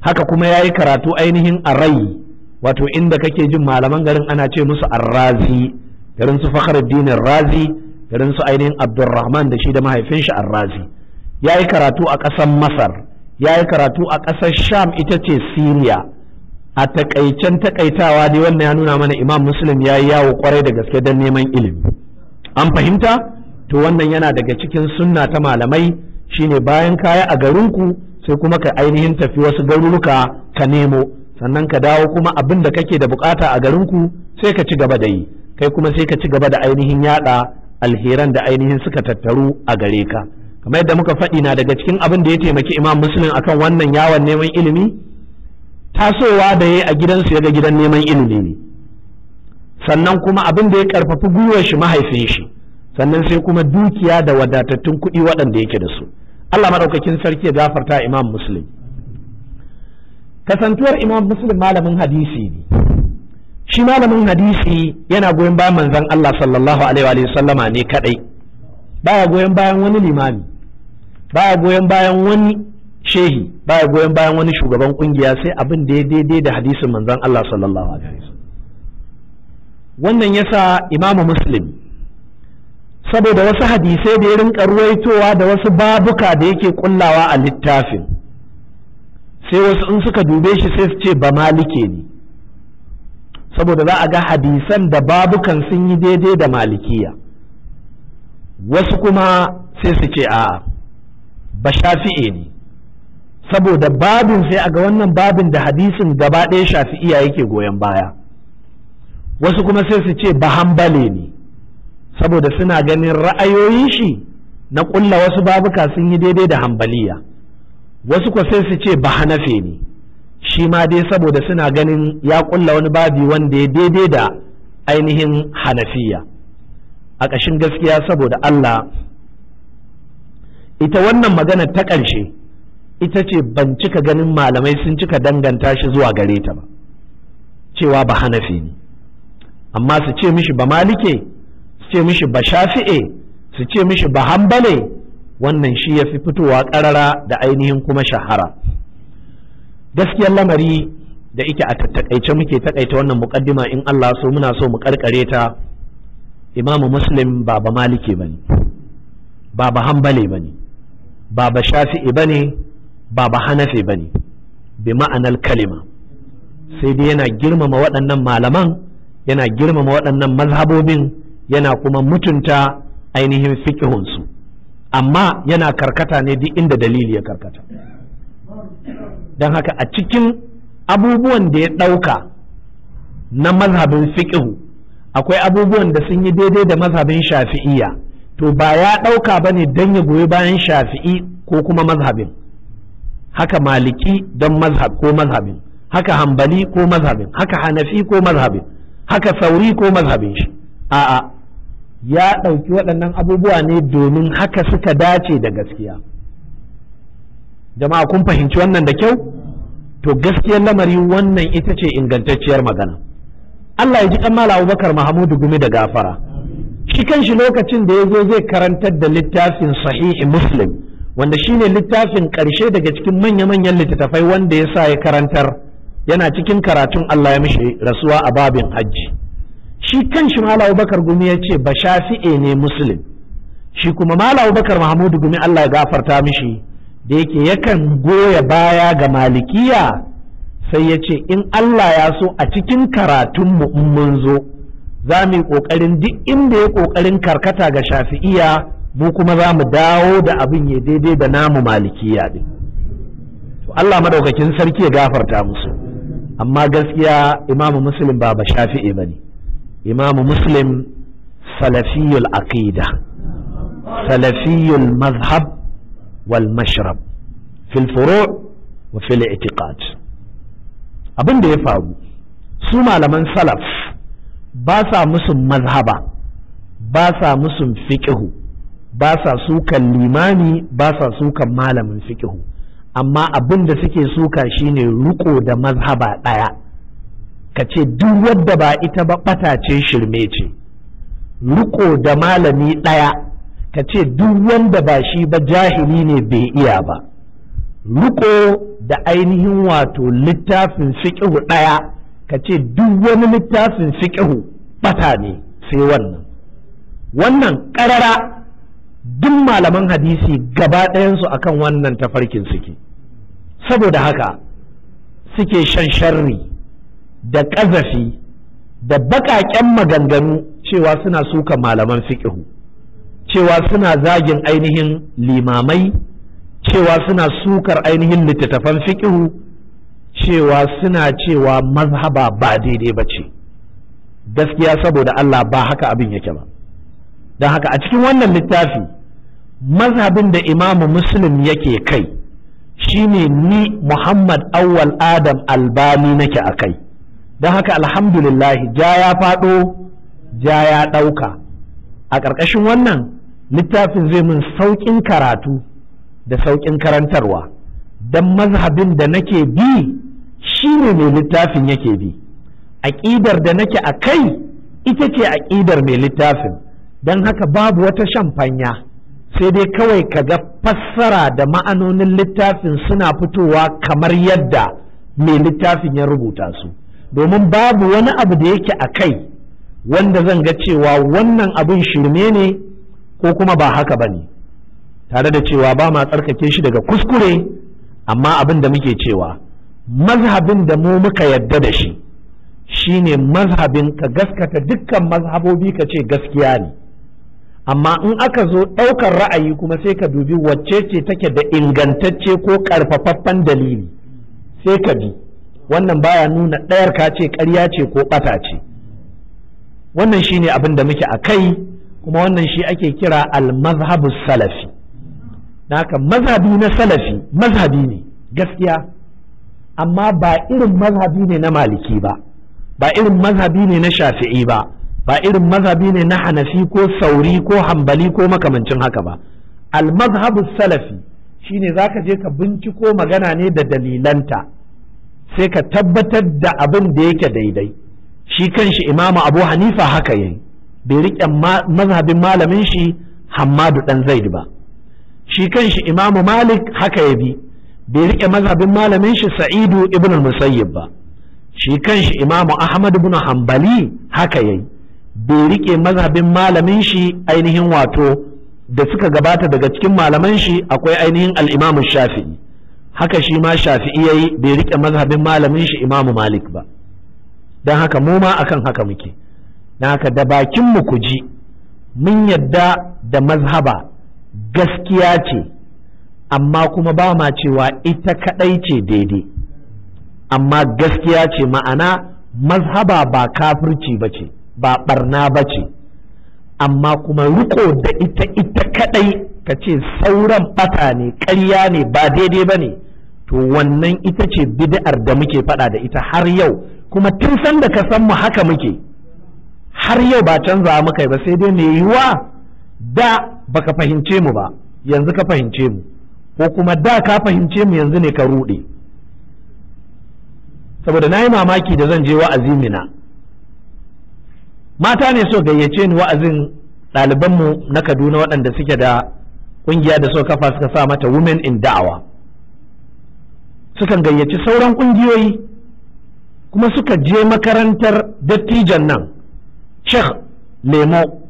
[SPEAKER 1] haka kuma ya yi karatu ainihin a rai wato inda kake jin malaman garin ana ce musu arrazi garin su fakhruddin razi garin su ainihin Abdulrahman da shi da mahaifin shi arrazi ya yi karatu a ƙasar masar ya yi karatu a ƙasar sham ita ce siriya a takaicen takaitawa ne wannan ya nuna mana imam muslim ya yi yawo kwarai da gaske don neman ilimi an fahimta to wannan yana daga cikin sunna ta malamai shine bayan kaya a garinku sai kuma ka ainihin tafi wasu garuruka ka nemo sannan ka dawo kuma abin da kake da bukata a garinku sai ka ci gaba da yi kai kuma sai ka ci gaba da ainihin yada alheran da ainihin suka tattaru a gare ka kamar yadda muka faɗi na daga cikin abin da ya taimaki imam muslim akan wannan yawon neman ilimi tasowa da ya a gidansu ya ga gidan neman ilimi ne sannan kuma abin da ya karfafi gwiwar shi mahaifin shi sannan sai kuma dukiya da wadatattun kuɗi waɗanda yake da su Allah maɗaukakin sarki ya gafarta imam muslim kasantuwar imam muslim malamin hadisi ne shi malamin hadisi yana goyon bayan manzon Allah sallallahu alaihi wa sallama ne kadai baya goyon bayan wani limami baya goyon bayan wani shehi baya goyon bayan wani shugaban kungiya sai abin da ya daidai da hadisin manzon Allah sallallahu alaihi wannan yasa imamu muslim saboda wasu hadisai da ya rinka ruwaitowa da wasu babuka da yake kullawa a littafin sai wasu in suka dube shi sai su ce ba malike ne saboda za a ga hadisan da babukan sun yi daidai da malikiya wasu kuma sai su ce a'a ba shafi'e ne saboda babin sai a ga wannan babin da hadisin gaba ɗaya shafi'iya yake goyon baya wasu kuma sai su ce ba hambale ne saboda suna ganin ra'ayoyin shi na ƙulla wasu babuka sun yi daidai da hambaliya wasu kuma sai su ce ba hanafe ne shi ma dai saboda suna ganin ya ƙulla wani babi wanda ya daidai da ainihin hanafiya a ƙashin gaskiya saboda Allah ita wannan magana ta ƙarshe ita ce ban cika ganin malamai sun cika danganta shi zuwa gare ta ba cewa ba hanafi ne amma su ce mishi ba malike su ce mishi ba shafi'e su ce mishi ba hambale wannan shi ya fi fitowa ƙarara da ainihin kuma shahara gaskiyar lamari da ike a tattakaice muke taƙaita wannan muƙaddima in Allah so muna so mu ƙarƙare ta imamu muslim ba malike bane baba hambale bane ba ba shafi'i ba ne ba ba hanafi ba ne bi ma'anar kalima sai dai yana girmama waɗannan malaman yana girmama waɗannan mazhabobin yana kuma mutunta ainihin fiƙihunsu. amma yana karkata ne duk inda dalili ya karkata don haka a cikin abubuwan da ya ɗauka na mazhabin fiƙihu akwai abubuwan da sun yi daidai da mazhabin shafi'iyya to ba ya ɗauka ba ne don ya goyi bayan shafi'i ko kuma mazhabin haka maliki don mazhab ko mazhabin haka hambali ko mazhabin haka hanafi ko mazhabin haka sauri ko mazhabin shi a'a ya ɗauki waɗannan abubuwa ne domin haka suka dace da gaskiya jama'a kun fahimci wannan da kyau to gaskiyar lamari wannan ita ce ingantacciyar magana Allah ya ji kan Abubakar Mahamudu Gumi da gafara shi kanshi lokacin da ya zo zai karantar da littafin sahihi muslim wanda shi ne littafin karshe daga cikin manya-manyan littattafai wanda ya sa ya karantar yana cikin karatun Allah ya mishi rasuwa a babin hajji shi kanshi Malam Bakar Gumi ya ce ba shafi'e ne muslim shi kuma Malam Bakar Mahmudu Gumi Allah ya gafarta mishi da yake yakan goya baya ga malikiya sai ya ce in Allah ya so a cikin karatun mu mun zo za mu yi ƙoƙarin duk inda ya ƙoƙarin karkata ga shafi'iya mu kuma za mu dawo da abin ya daidai da namu malikiya ɗin Allah madaukakin sarki ya gafarta musu amma gaskiya imamu muslim ba ba shafi'i ba ne imamu muslim salafiyul aqida salafiyul mazhab wal mashrab fil furu' wa fil i'tiqad abin da ya faru su malaman salaf ba sa musu mazhaba ba sa musu fiƙihu ba sa sukan limani, ba sa sukan malamin fiƙihu amma abin da suke suka shine riko da mazhaba ɗaya ka ce duk wanda ba ita ba ɓata ce shirme ce riko da malami ɗaya ka ce duk wanda ba shi ba jahili ne bai iya ba riko da ainihin wato littafin fiƙihu ɗaya ka ce duk wani littafin fiƙihu ɓata ne sai wannan wannan ƙarara duk malaman hadisi gaba ɗayansu a kan wannan tafarkin suke saboda haka suke shan sharri da ƙazafi da baƙaƙen maganganu cewa suna suka malaman fiƙihu cewa suna zagin ainihin limamai cewa suna sukar ainihin littattafan fiƙihu cewa suna cewa mazhaba ba daidai ba ce gaskiya saboda Allah ba haka abin yake ba don haka a cikin wannan littafi mazhabin da imamu muslim yake kai shine ni muhammad awwal adam albani nake a kai don haka alhamdulillah ja ya faɗo ja ya ɗauka a ƙarƙashin wannan littafin zai mun sauƙin karatu da sauƙin karantarwa don mazhabin da nake bi shi ne mai littafin yake bi aƙidar da nake a kai ita ce aƙidar mai littafin don haka babu wata shamfanya sai dai kawai ka ga fassara da ma'anonin littafin suna fitowa kamar yadda mai littafin ya rubuta su domin babu wani abu da yake a kai wanda zan ga cewa wannan abin shirme ne ko kuma ba haka ba ne tare da cewa ba ma tsarkake shi daga kuskure amma abin da muke cewa mazhabin da mu muka yadda da shi shine mazhabin ka gaskata dukkan mazhabobi ka ce gaskiya ne amma in aka zo ɗaukar ra'ayi kuma sai ka dubi wacce ce take da ingantacce ko ƙarfafaffen dalili sai ka bi wannan baya nuna ɗayar ka ce ƙarya ce ko ɓata ce wannan ne abin da muke a kai kuma wannan shi ake kira al-mazhabu salafi haka mazhabi na salafi mazhabi ne gaskiya amma ba irin mazhabi ne na maliki ba ba irin mazhabi ne na shafi'i ba ba irin mazhabi ne na hanafi ko sauri ko hambali ko makamancin haka ba al mazhabu salafi shine zaka je ka binciko magana ne da dalilanta sai ka tabbatar da abin da yake daidai shi kanshi imamu abu hanifa haka yayi bai riƙe mazhabin malamin shi hammadu dan zaid ba shi kanshi imamu malik haka ya bi bai rike mazhabin malamin shi sa'idu ibn musayyib ba shi kanshi imamu ahmad ibn hanbali haka yayi bai rike mazhabin malamin shi ainihin wato da suka gabata daga cikin malaman shi akwai ainihin al-imamu shafi'i haka shi ma shafi'i yayi bai rike mazhabin malamin shi imamu malik ba dan haka mu ma akan haka muke Naka haka da bakin mu ku ji mun yadda da mazhaba gaskiya ce amma kuma ba ma cewa ita kaɗai ce daidai amma gaskiya ce ma'ana mazhaba ba kafirci ba ce ba barna ba ce amma kuma riko da ita ita kaɗai ka ce sauran ɓata ne ƙarya ne ba daidai ba ne to wannan ita ce bid'ar da muke faɗa da ita har yau kuma tun san da ka san mu haka muke har yau ba canza muka yi ba sai dai mai yiwa da baka fahimce mu ba yanzu ka fahimce mu ko kuma da ka fahimce mu yanzu ne ka ruɗe saboda na yi mamaki da zan je wa'azi mina mata ne so gayyace ni wa'azin ɗalibanmu na kaduna waɗanda suke da ƙungiya da so kafa suka sa mata women in da'awa sukan gayyaci sauran ƙungiyoyi kuma suka je makarantar dattijan nan sheikh lemo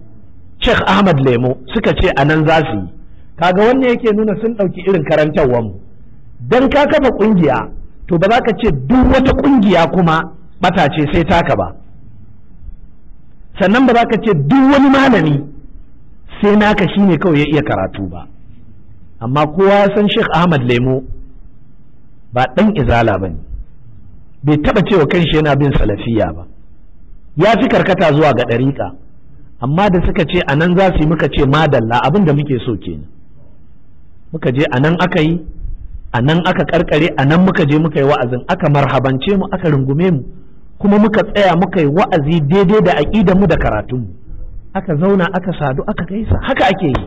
[SPEAKER 1] sheikh ahmad lemo suka ce a nan za su yi kaga wannan yake nuna sun ɗauki irin karantarwar mu dan ka kafa ƙungiya, to ba za ka ce duk wata ƙungiya kuma ɓata ce sai taka ba sannan ba za ka ce duk wani malami sai naka shi ne kawai ya iya karatu ba amma kowa ya san Sheikh Ahmad Lemo ba ɗan izala ba ne bai taɓa cewa kanshi yana bin salafiya ba ya fi karkata zuwa ga ɗariƙa amma da suka ce a nan za su yi muka ce madalla abin da muke so kenan muka je a nan aka yi a nan aka karkare a nan muka je muka yi wa'azin aka marhabance mu aka rungume mu kuma muka tsaya muka yi wa'azi daidai da aƙidar mu da karatun mu aka zauna aka sadu aka gaisa haka ake yi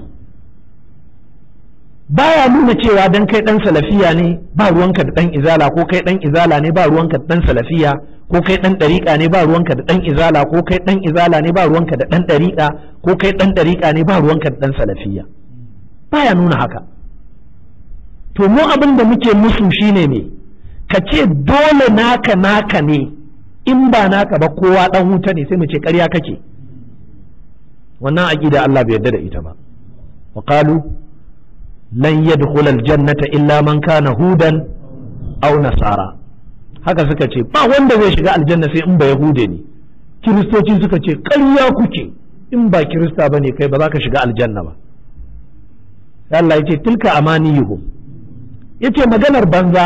[SPEAKER 1] baya nuna cewa dan kai dan salafiya ne ba ruwanka da dan izala ko kai dan izala ne ba ruwanka da dan salafiya ko kai dan dariƙa ne ba ruwanka da dan izala ko kai dan izala ne ba ruwanka da dan dariƙa ko kai dan dariƙa ne ba ruwanka da dan salafiya baya nuna haka to mu abin da muke musu shine ne ka ce dole naka naka ne in ba naka ba kowa dan huta ne sai mu ce ƙarya kake wannan aqida Allah bai yarda da ita ba wa qalu lan yadkhula aljannata illa man kana hudan aw nasara haka suka ce ba wanda zai shiga aljanna sai in ba yahude ne kiristoci suka ce ƙarya kuke in ba kirista bane kai ba za ka shiga aljanna ba Allah ya ce tilka amaniyuhum yace maganar banza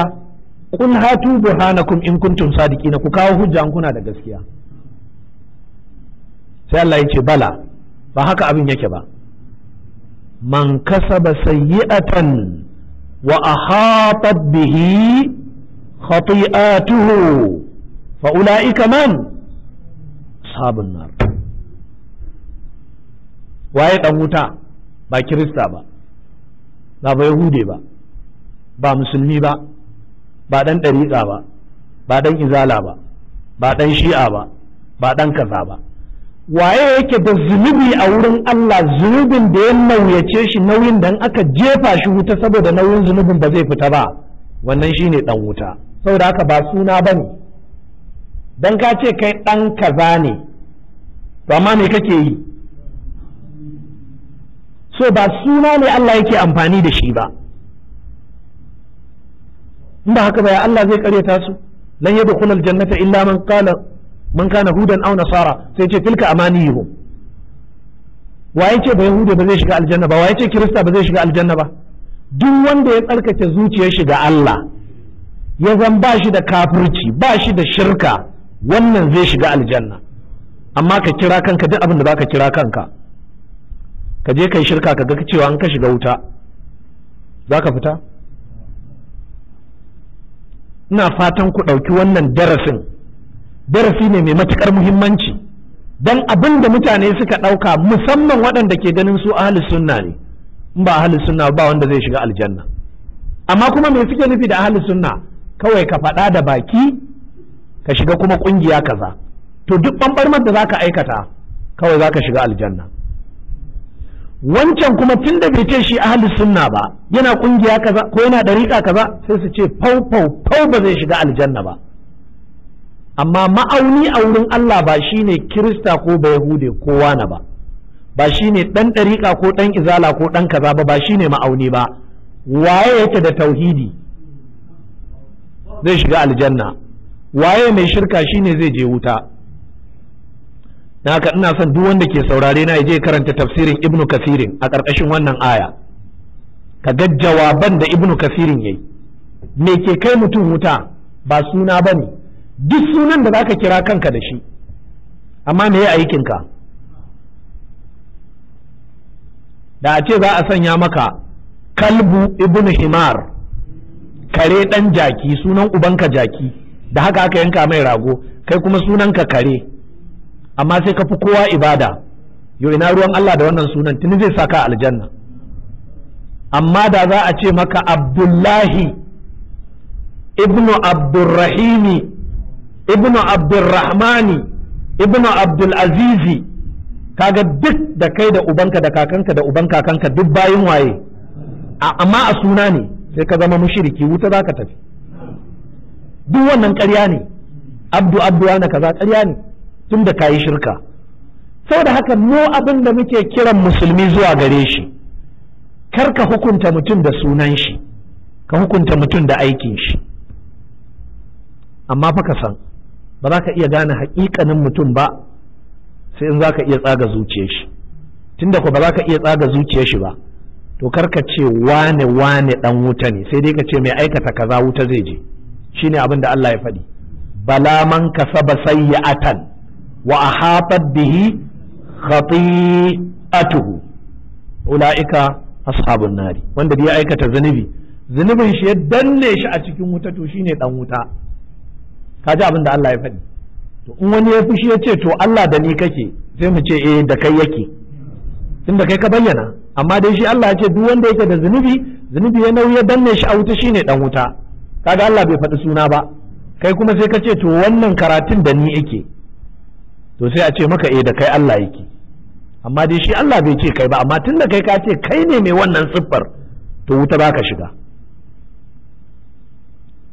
[SPEAKER 1] kun hatu burhanakum in kuntum sadiqina ku kawo hujja kuna da gaskiya sai Allah yace bala ba haka abin yake ba man kasaba sayyi'atan wa ahatat bihi khati'atuhu fa ulaika man ashabun nar waye dan wuta ba kirista ba ba ba yahude ba ba musulmi ba ba ɗan ɗariƙa ba ba ɗan izala ba ba ɗan shi'a ba ba ɗan kaza ba waye yake da zunubi a wurin Allah zunubin da ya nauyace shi nauyin da aka jefa shi wuta saboda nauyin zunubin ba zai fita ba wannan shine ɗan wuta saboda haka ba suna ba ne ka ce kai ɗan kaza ne to amma me kake yi so ba suna ne Allah yake amfani da shi ba in ba haka ba ya Allah zai karyata su lan yadkhulul jannata illa man qala man kana hudan aw nasara sai ce tilka amaniyuhum ya ce ba yahude ba zai shiga aljanna ba wa ya ce kirista ba zai shiga aljanna ba duk wanda ya tsarkake zuciyar shi ga Allah ya zan ba shi da kafirci ba shi da shirka wannan zai shiga aljanna amma ka kira kanka duk abin da baka kira kanka ka je kai shirka ka ga cewa an ka shiga wuta za ka fita ina fatan ku ɗauki wannan darasin darasi ne mai matuƙar muhimmanci don abin da mutane suka ɗauka musamman waɗanda ke ganin su ahli sunna ne in ba ahli sunna ba wanda zai shiga aljanna amma kuma me suke nufi da ahli sunna kawai ka faɗa da baki ka shiga kuma ƙungiya kaza to duk ɓanɓarmar da za ka aikata kawai za ka shiga aljanna wancan kuma tun da bai ce shi ahli sunna ba yana kungiya kaza ko yana dariƙa kaza sai su ce fau fau fau ba zai shiga aljanna ba amma ma'auni a wurin Allah ba shine kirista ko ba yahude ko wani ba ba shine dan dariƙa ko dan izala ko dan kaza ba ba shine ma'auni ba waye yake da tauhidi zai shiga aljanna waye mai shirka shine zai je wuta na haka ina son duk wanda ke saurare na je karanta tafsirin Ibn kasirin a ƙarƙashin wannan aya ka ga jawaban da ibnu kasirin yayi me ke kai mutum wuta ba suna bane duk sunan da zaka kira kanka da shi amma me aikin aikinka da a ce za a sanya maka kalbu Ibn himar kare ɗan jaki sunan ubanka jaki da haka aka yanka mai rago kai kuma sunanka kare amma sai ka fi kowa ibada yo ina ruwan Allah da wannan sunan tuni zai saka aljanna amma da za a ce maka abdullahi ibnu abdurrahimi ibnu abdurrahmani ibnu abdulazizi kaga duk da kai da ubanka da kakanka da uban kakanka duk bayin waye amma a suna ne sai ka zama mushiriki wuta za ka tafi duk wannan ƙarya ne abdu abdu na kaza ƙarya ne tun da kayi shirka saboda haka mu abin da muke kiran musulmi zuwa gare shi kar ka hukunta mutum da sunan shi ka hukunta mutum da aikin shi amma fa ka san ba za ka iya gane haƙiƙanin mutum ba sai in za ka iya tsaga zuciyar shi tunda ko ba za ka iya tsaga zuciyar shi ba to kar ka ce wane wane dan wuta ne sai dai ka ce mai aikata kaza wuta zai je shine abin da Allah ya faɗi bala man kasaba sayyi'atan wa ahatat bihi khati'atuhu ulaika ashabun nari wanda bai aikata zunubi zunubin shi ya danne shi a cikin wuta to shine dan wuta kaji abin da Allah ya faɗi to in wani ya fushi ya ce to Allah da ni kake sai mu ce eh da kai yake tunda kai ka bayyana amma dai shi Allah ya ce duk wanda yake da zunubi zunubi ya nauyi ya danne shi a wuta shine dan wuta kaga Allah bai faɗi suna ba kai kuma sai ka ce to wannan karatun da ni yake to sai a ce maka eh da kai Allah yake amma dai shi Allah bai ce kai ba amma tun da kai ka ce kai ne mai wannan siffar to wuta ba ka shiga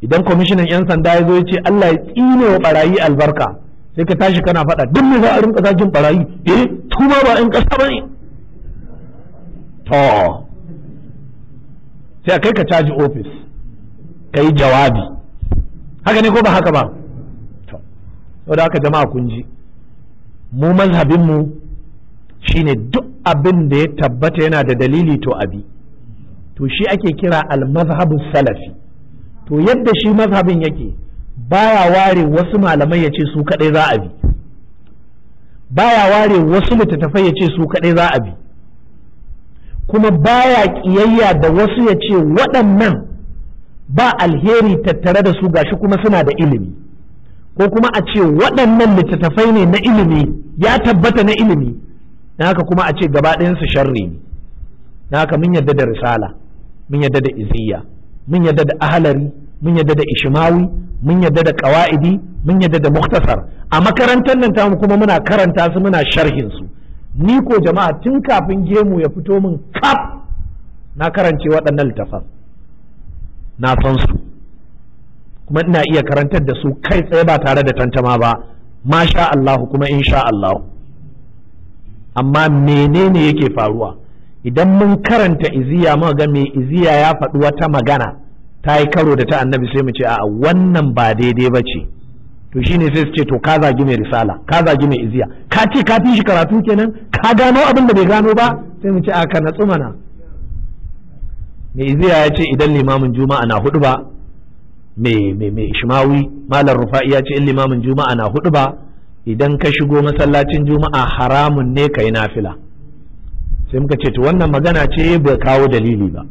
[SPEAKER 1] idan kwamishinan 'yan sanda ya zo ya ce Allah ya tsine wa barayi albarka sai ka tashi kana faɗa duk me za a rinka zagin barayi eh tuma ba 'yan ƙasa ba ne to sai kai ka caji ofis ka yi jawabi haka ne ko ba haka ba to da haka jama'a kun ji mu mazhabinmu ne duk abin da ya tabbata yana da dalili to abi to shi ake kira al salafi to yadda shi mazhabin yake baya ware wasu malamai ya ce su kadai za a bi baya ware wasu littattafai ya ce su kadai za a bi kuma baya kiyayya da wasu ya ce waɗannan ba alheri tattare da su gashi kuma suna da ilimi ko kuma a ce waɗannan littattafai ne na ilimi ya tabbata na ilimi na haka kuma a ce gaba su sharri ne na haka mun yadda da risala mun yadda da iziya mun yadda da ahalari mun yadda da ishimawi mun yadda da ƙawa'idi mun yadda da muktasar a makarantar nan tamu kuma muna karanta su muna sharhin su ni ko jama'a tun kafin gemu ya fito min kaf na karance waɗannan littafan na san su kuma ina iya karantar da su kai tsaye ba tare da tantama ba masha Allah, kuma insha Allah. amma menene yake faruwa idan mun karanta iziya mu ga me iziya ya faɗi wata magana ta yi karo da ta annabi sai mu ce a wannan ba daidai ba ce to shine sai su ce to ka zagi mai risala ka zagi mai iziya ka ce ka fi shi karatu kenan ka gano abin da bai gano ba sai mu ce a ka natsu mai iziya ya ce idan limamin juma'a na hudu ba mai Malam ishmawi malar rufa'i ya ce in limamin juma'a na hudu ba idan ka shigo masallacin juma'a haramun ne ka yi nafila sai muka ce to wannan magana ce bai kawo dalili ba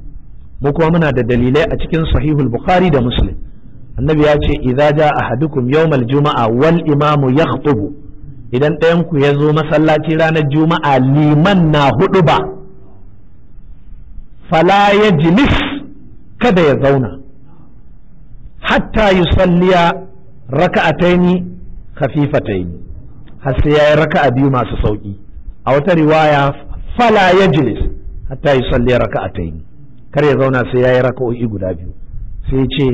[SPEAKER 1] mu kuma muna da dalilai a cikin sahihul bukhari da muslim annabi ya ce idza ja ahadukum yawmal juma'a wal imamu yakhtubu idan ɗayan ku ya zo masallaci ranar juma'a liman na hudu ba fala yajlis kada ya zauna hatta yusalliya raka'ataini khafifataini har sai yayi raka'a biyu masu sauki a wata riwaya fala yajlis hatta yusalliya raka'ataini kar ya zauna sai yayi raka'o'i guda biyu sai ce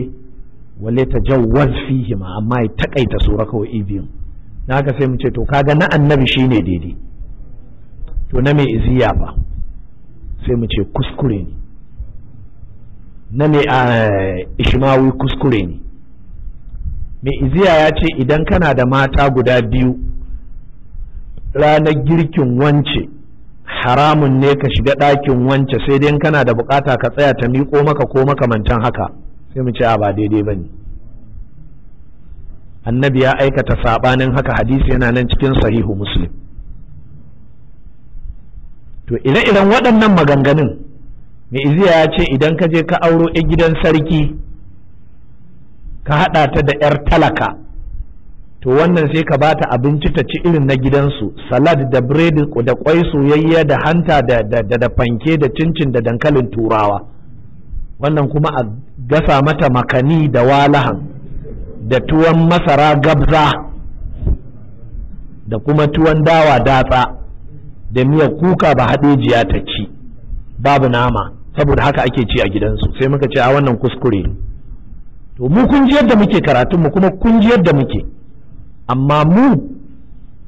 [SPEAKER 1] wale ta jawwaz fihi ma amma ya takaita su raka'o'i biyu na haka sai mu ce to kaga na annabi shine daidai to na mai iziya ba sai mu ce kuskure ne na mai ishmawi kuskure ne mai iziya ya ce idan kana da mata guda biyu ranar girkin wance haramun ne ka shiga ɗakin wance sai dai kana da bukata ka tsaya ta miƙo maka ko makamantan haka sai mu ce a ba daidai ba ne annabi ya aikata saɓanin haka hadisi yana nan cikin sahihu muslim to ire-iren waɗannan maganganun mai iziya ya ce idan ka je ka auro ‘yan gidan sarki ka haɗa ta da 'yar talaka to wannan sai ka bata abinci ta ci irin na gidansu salad da bread da kwai soyayya da hanta da da fanke da cincin da dankalin turawa wannan kuma a gasa mata makani da walahan da tuwon masara gabza da kuma tuwon dawa datsa da miyar kuka ba haɗejiya ta ci babu nama saboda haka ake ci a gidansu sai muka ce a wannan kuskure to mu kun ji yadda muke karatun mu kuma kun ji yadda muke amma mu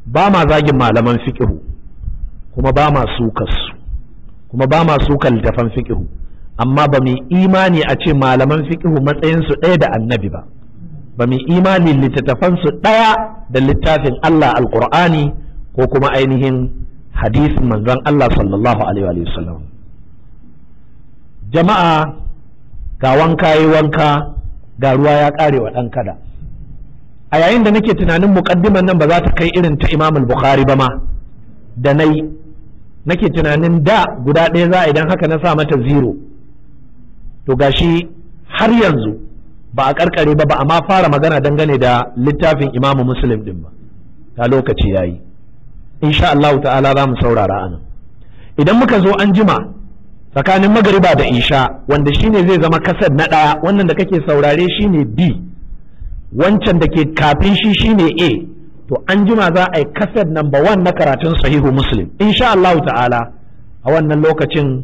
[SPEAKER 1] ba ma zagin malaman fiqihu kuma ba ma sukarsu kuma ba ma sukar littafan fiqihu amma ba mu imani a ce malaman matsayin matsayinsu ɗaya da annabi ba ba mu imani littattafansu ɗaya da littafin Allah alƙur'ani ko kuma ainihin hadisin manzon Allah sallallahu alaihi wa sallam jama'a ga wanka yi wanka ga ruwa ya ƙare wa ɗan kada a yayin da nake tunanin muƙaddiman nan ba za ta kai irin ta imam bukhari ba ma da na yi nake tunanin da guda ɗaya za a idan haka na sa mata zero to gashi har yanzu ba a karkare ba ba amma fara magana dangane da littafin imamu muslim din ba ta lokaci yayi insha Allah ta'ala za mu saurara anan idan muka zo an jima tsakanin magariba da isha wanda shine zai zama kasar na ɗaya wannan da kake saurare shine b wancan da ke kafin shi shine a to an jima za a yi kasar number one na karatun sahihu muslim insha Allah ta'ala a wannan lokacin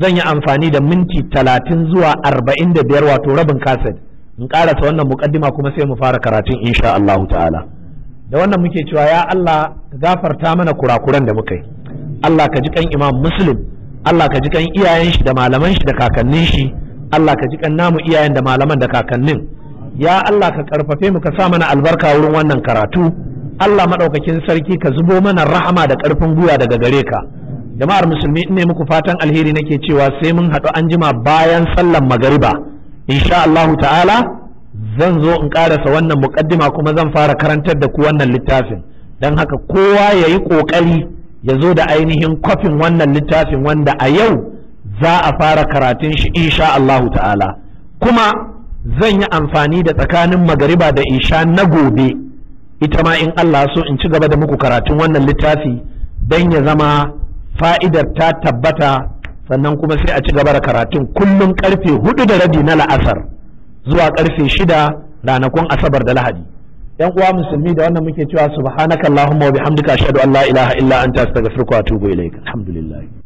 [SPEAKER 1] zan yi amfani da minti talatin zuwa arba'in da biyar wato rabin kaset in karasa wannan mukaddima kuma sai mu fara karatun insha Allah ta'ala da wannan muke cewa ya Allah gafarta mana kurakuran da muka yi Allah ka ji kan imam muslim Allah ka ji kan iyayen shi da malaman shi da kakannin shi Allah ka ji kan namu iyayen da malaman da kakannin ya Allah ka karfafe mu ka sa mana albarka wurin wannan karatu Allah madaukakin sarki ka zubo mana rahama da karfin guya daga gare ka jama'ar musulmi ne muku fatan alheri nake cewa sai mun hadu anjima bayan sallan magariba insha Allahu ta'ala zan zo in karasa wannan muqaddima kuma zan fara karantar da ku wannan littafin dan haka kowa yayi yi ƙoƙari ya zo da ainihin kwafin wannan littafin wanda a yau za a fara karatun shi insha Allahu ta'ala kuma zan yi amfani da tsakanin magariba da isha na gobe ita ma in Allah so in ci gaba da muku karatun wannan littafi don ya zama fa'idar ta tabbata sannan kuma sai a ci gaba da karatun kullum karfe hudu da rabi na la'asar zuwa karfe shida ranakun asabar da lahadi yan uwa musulmi da wannan muke cewa subhanakallahumma wa bihamdika ashhadu an la ilaha illa anta astaghfiruka wa atubu ilaik alhamdulillah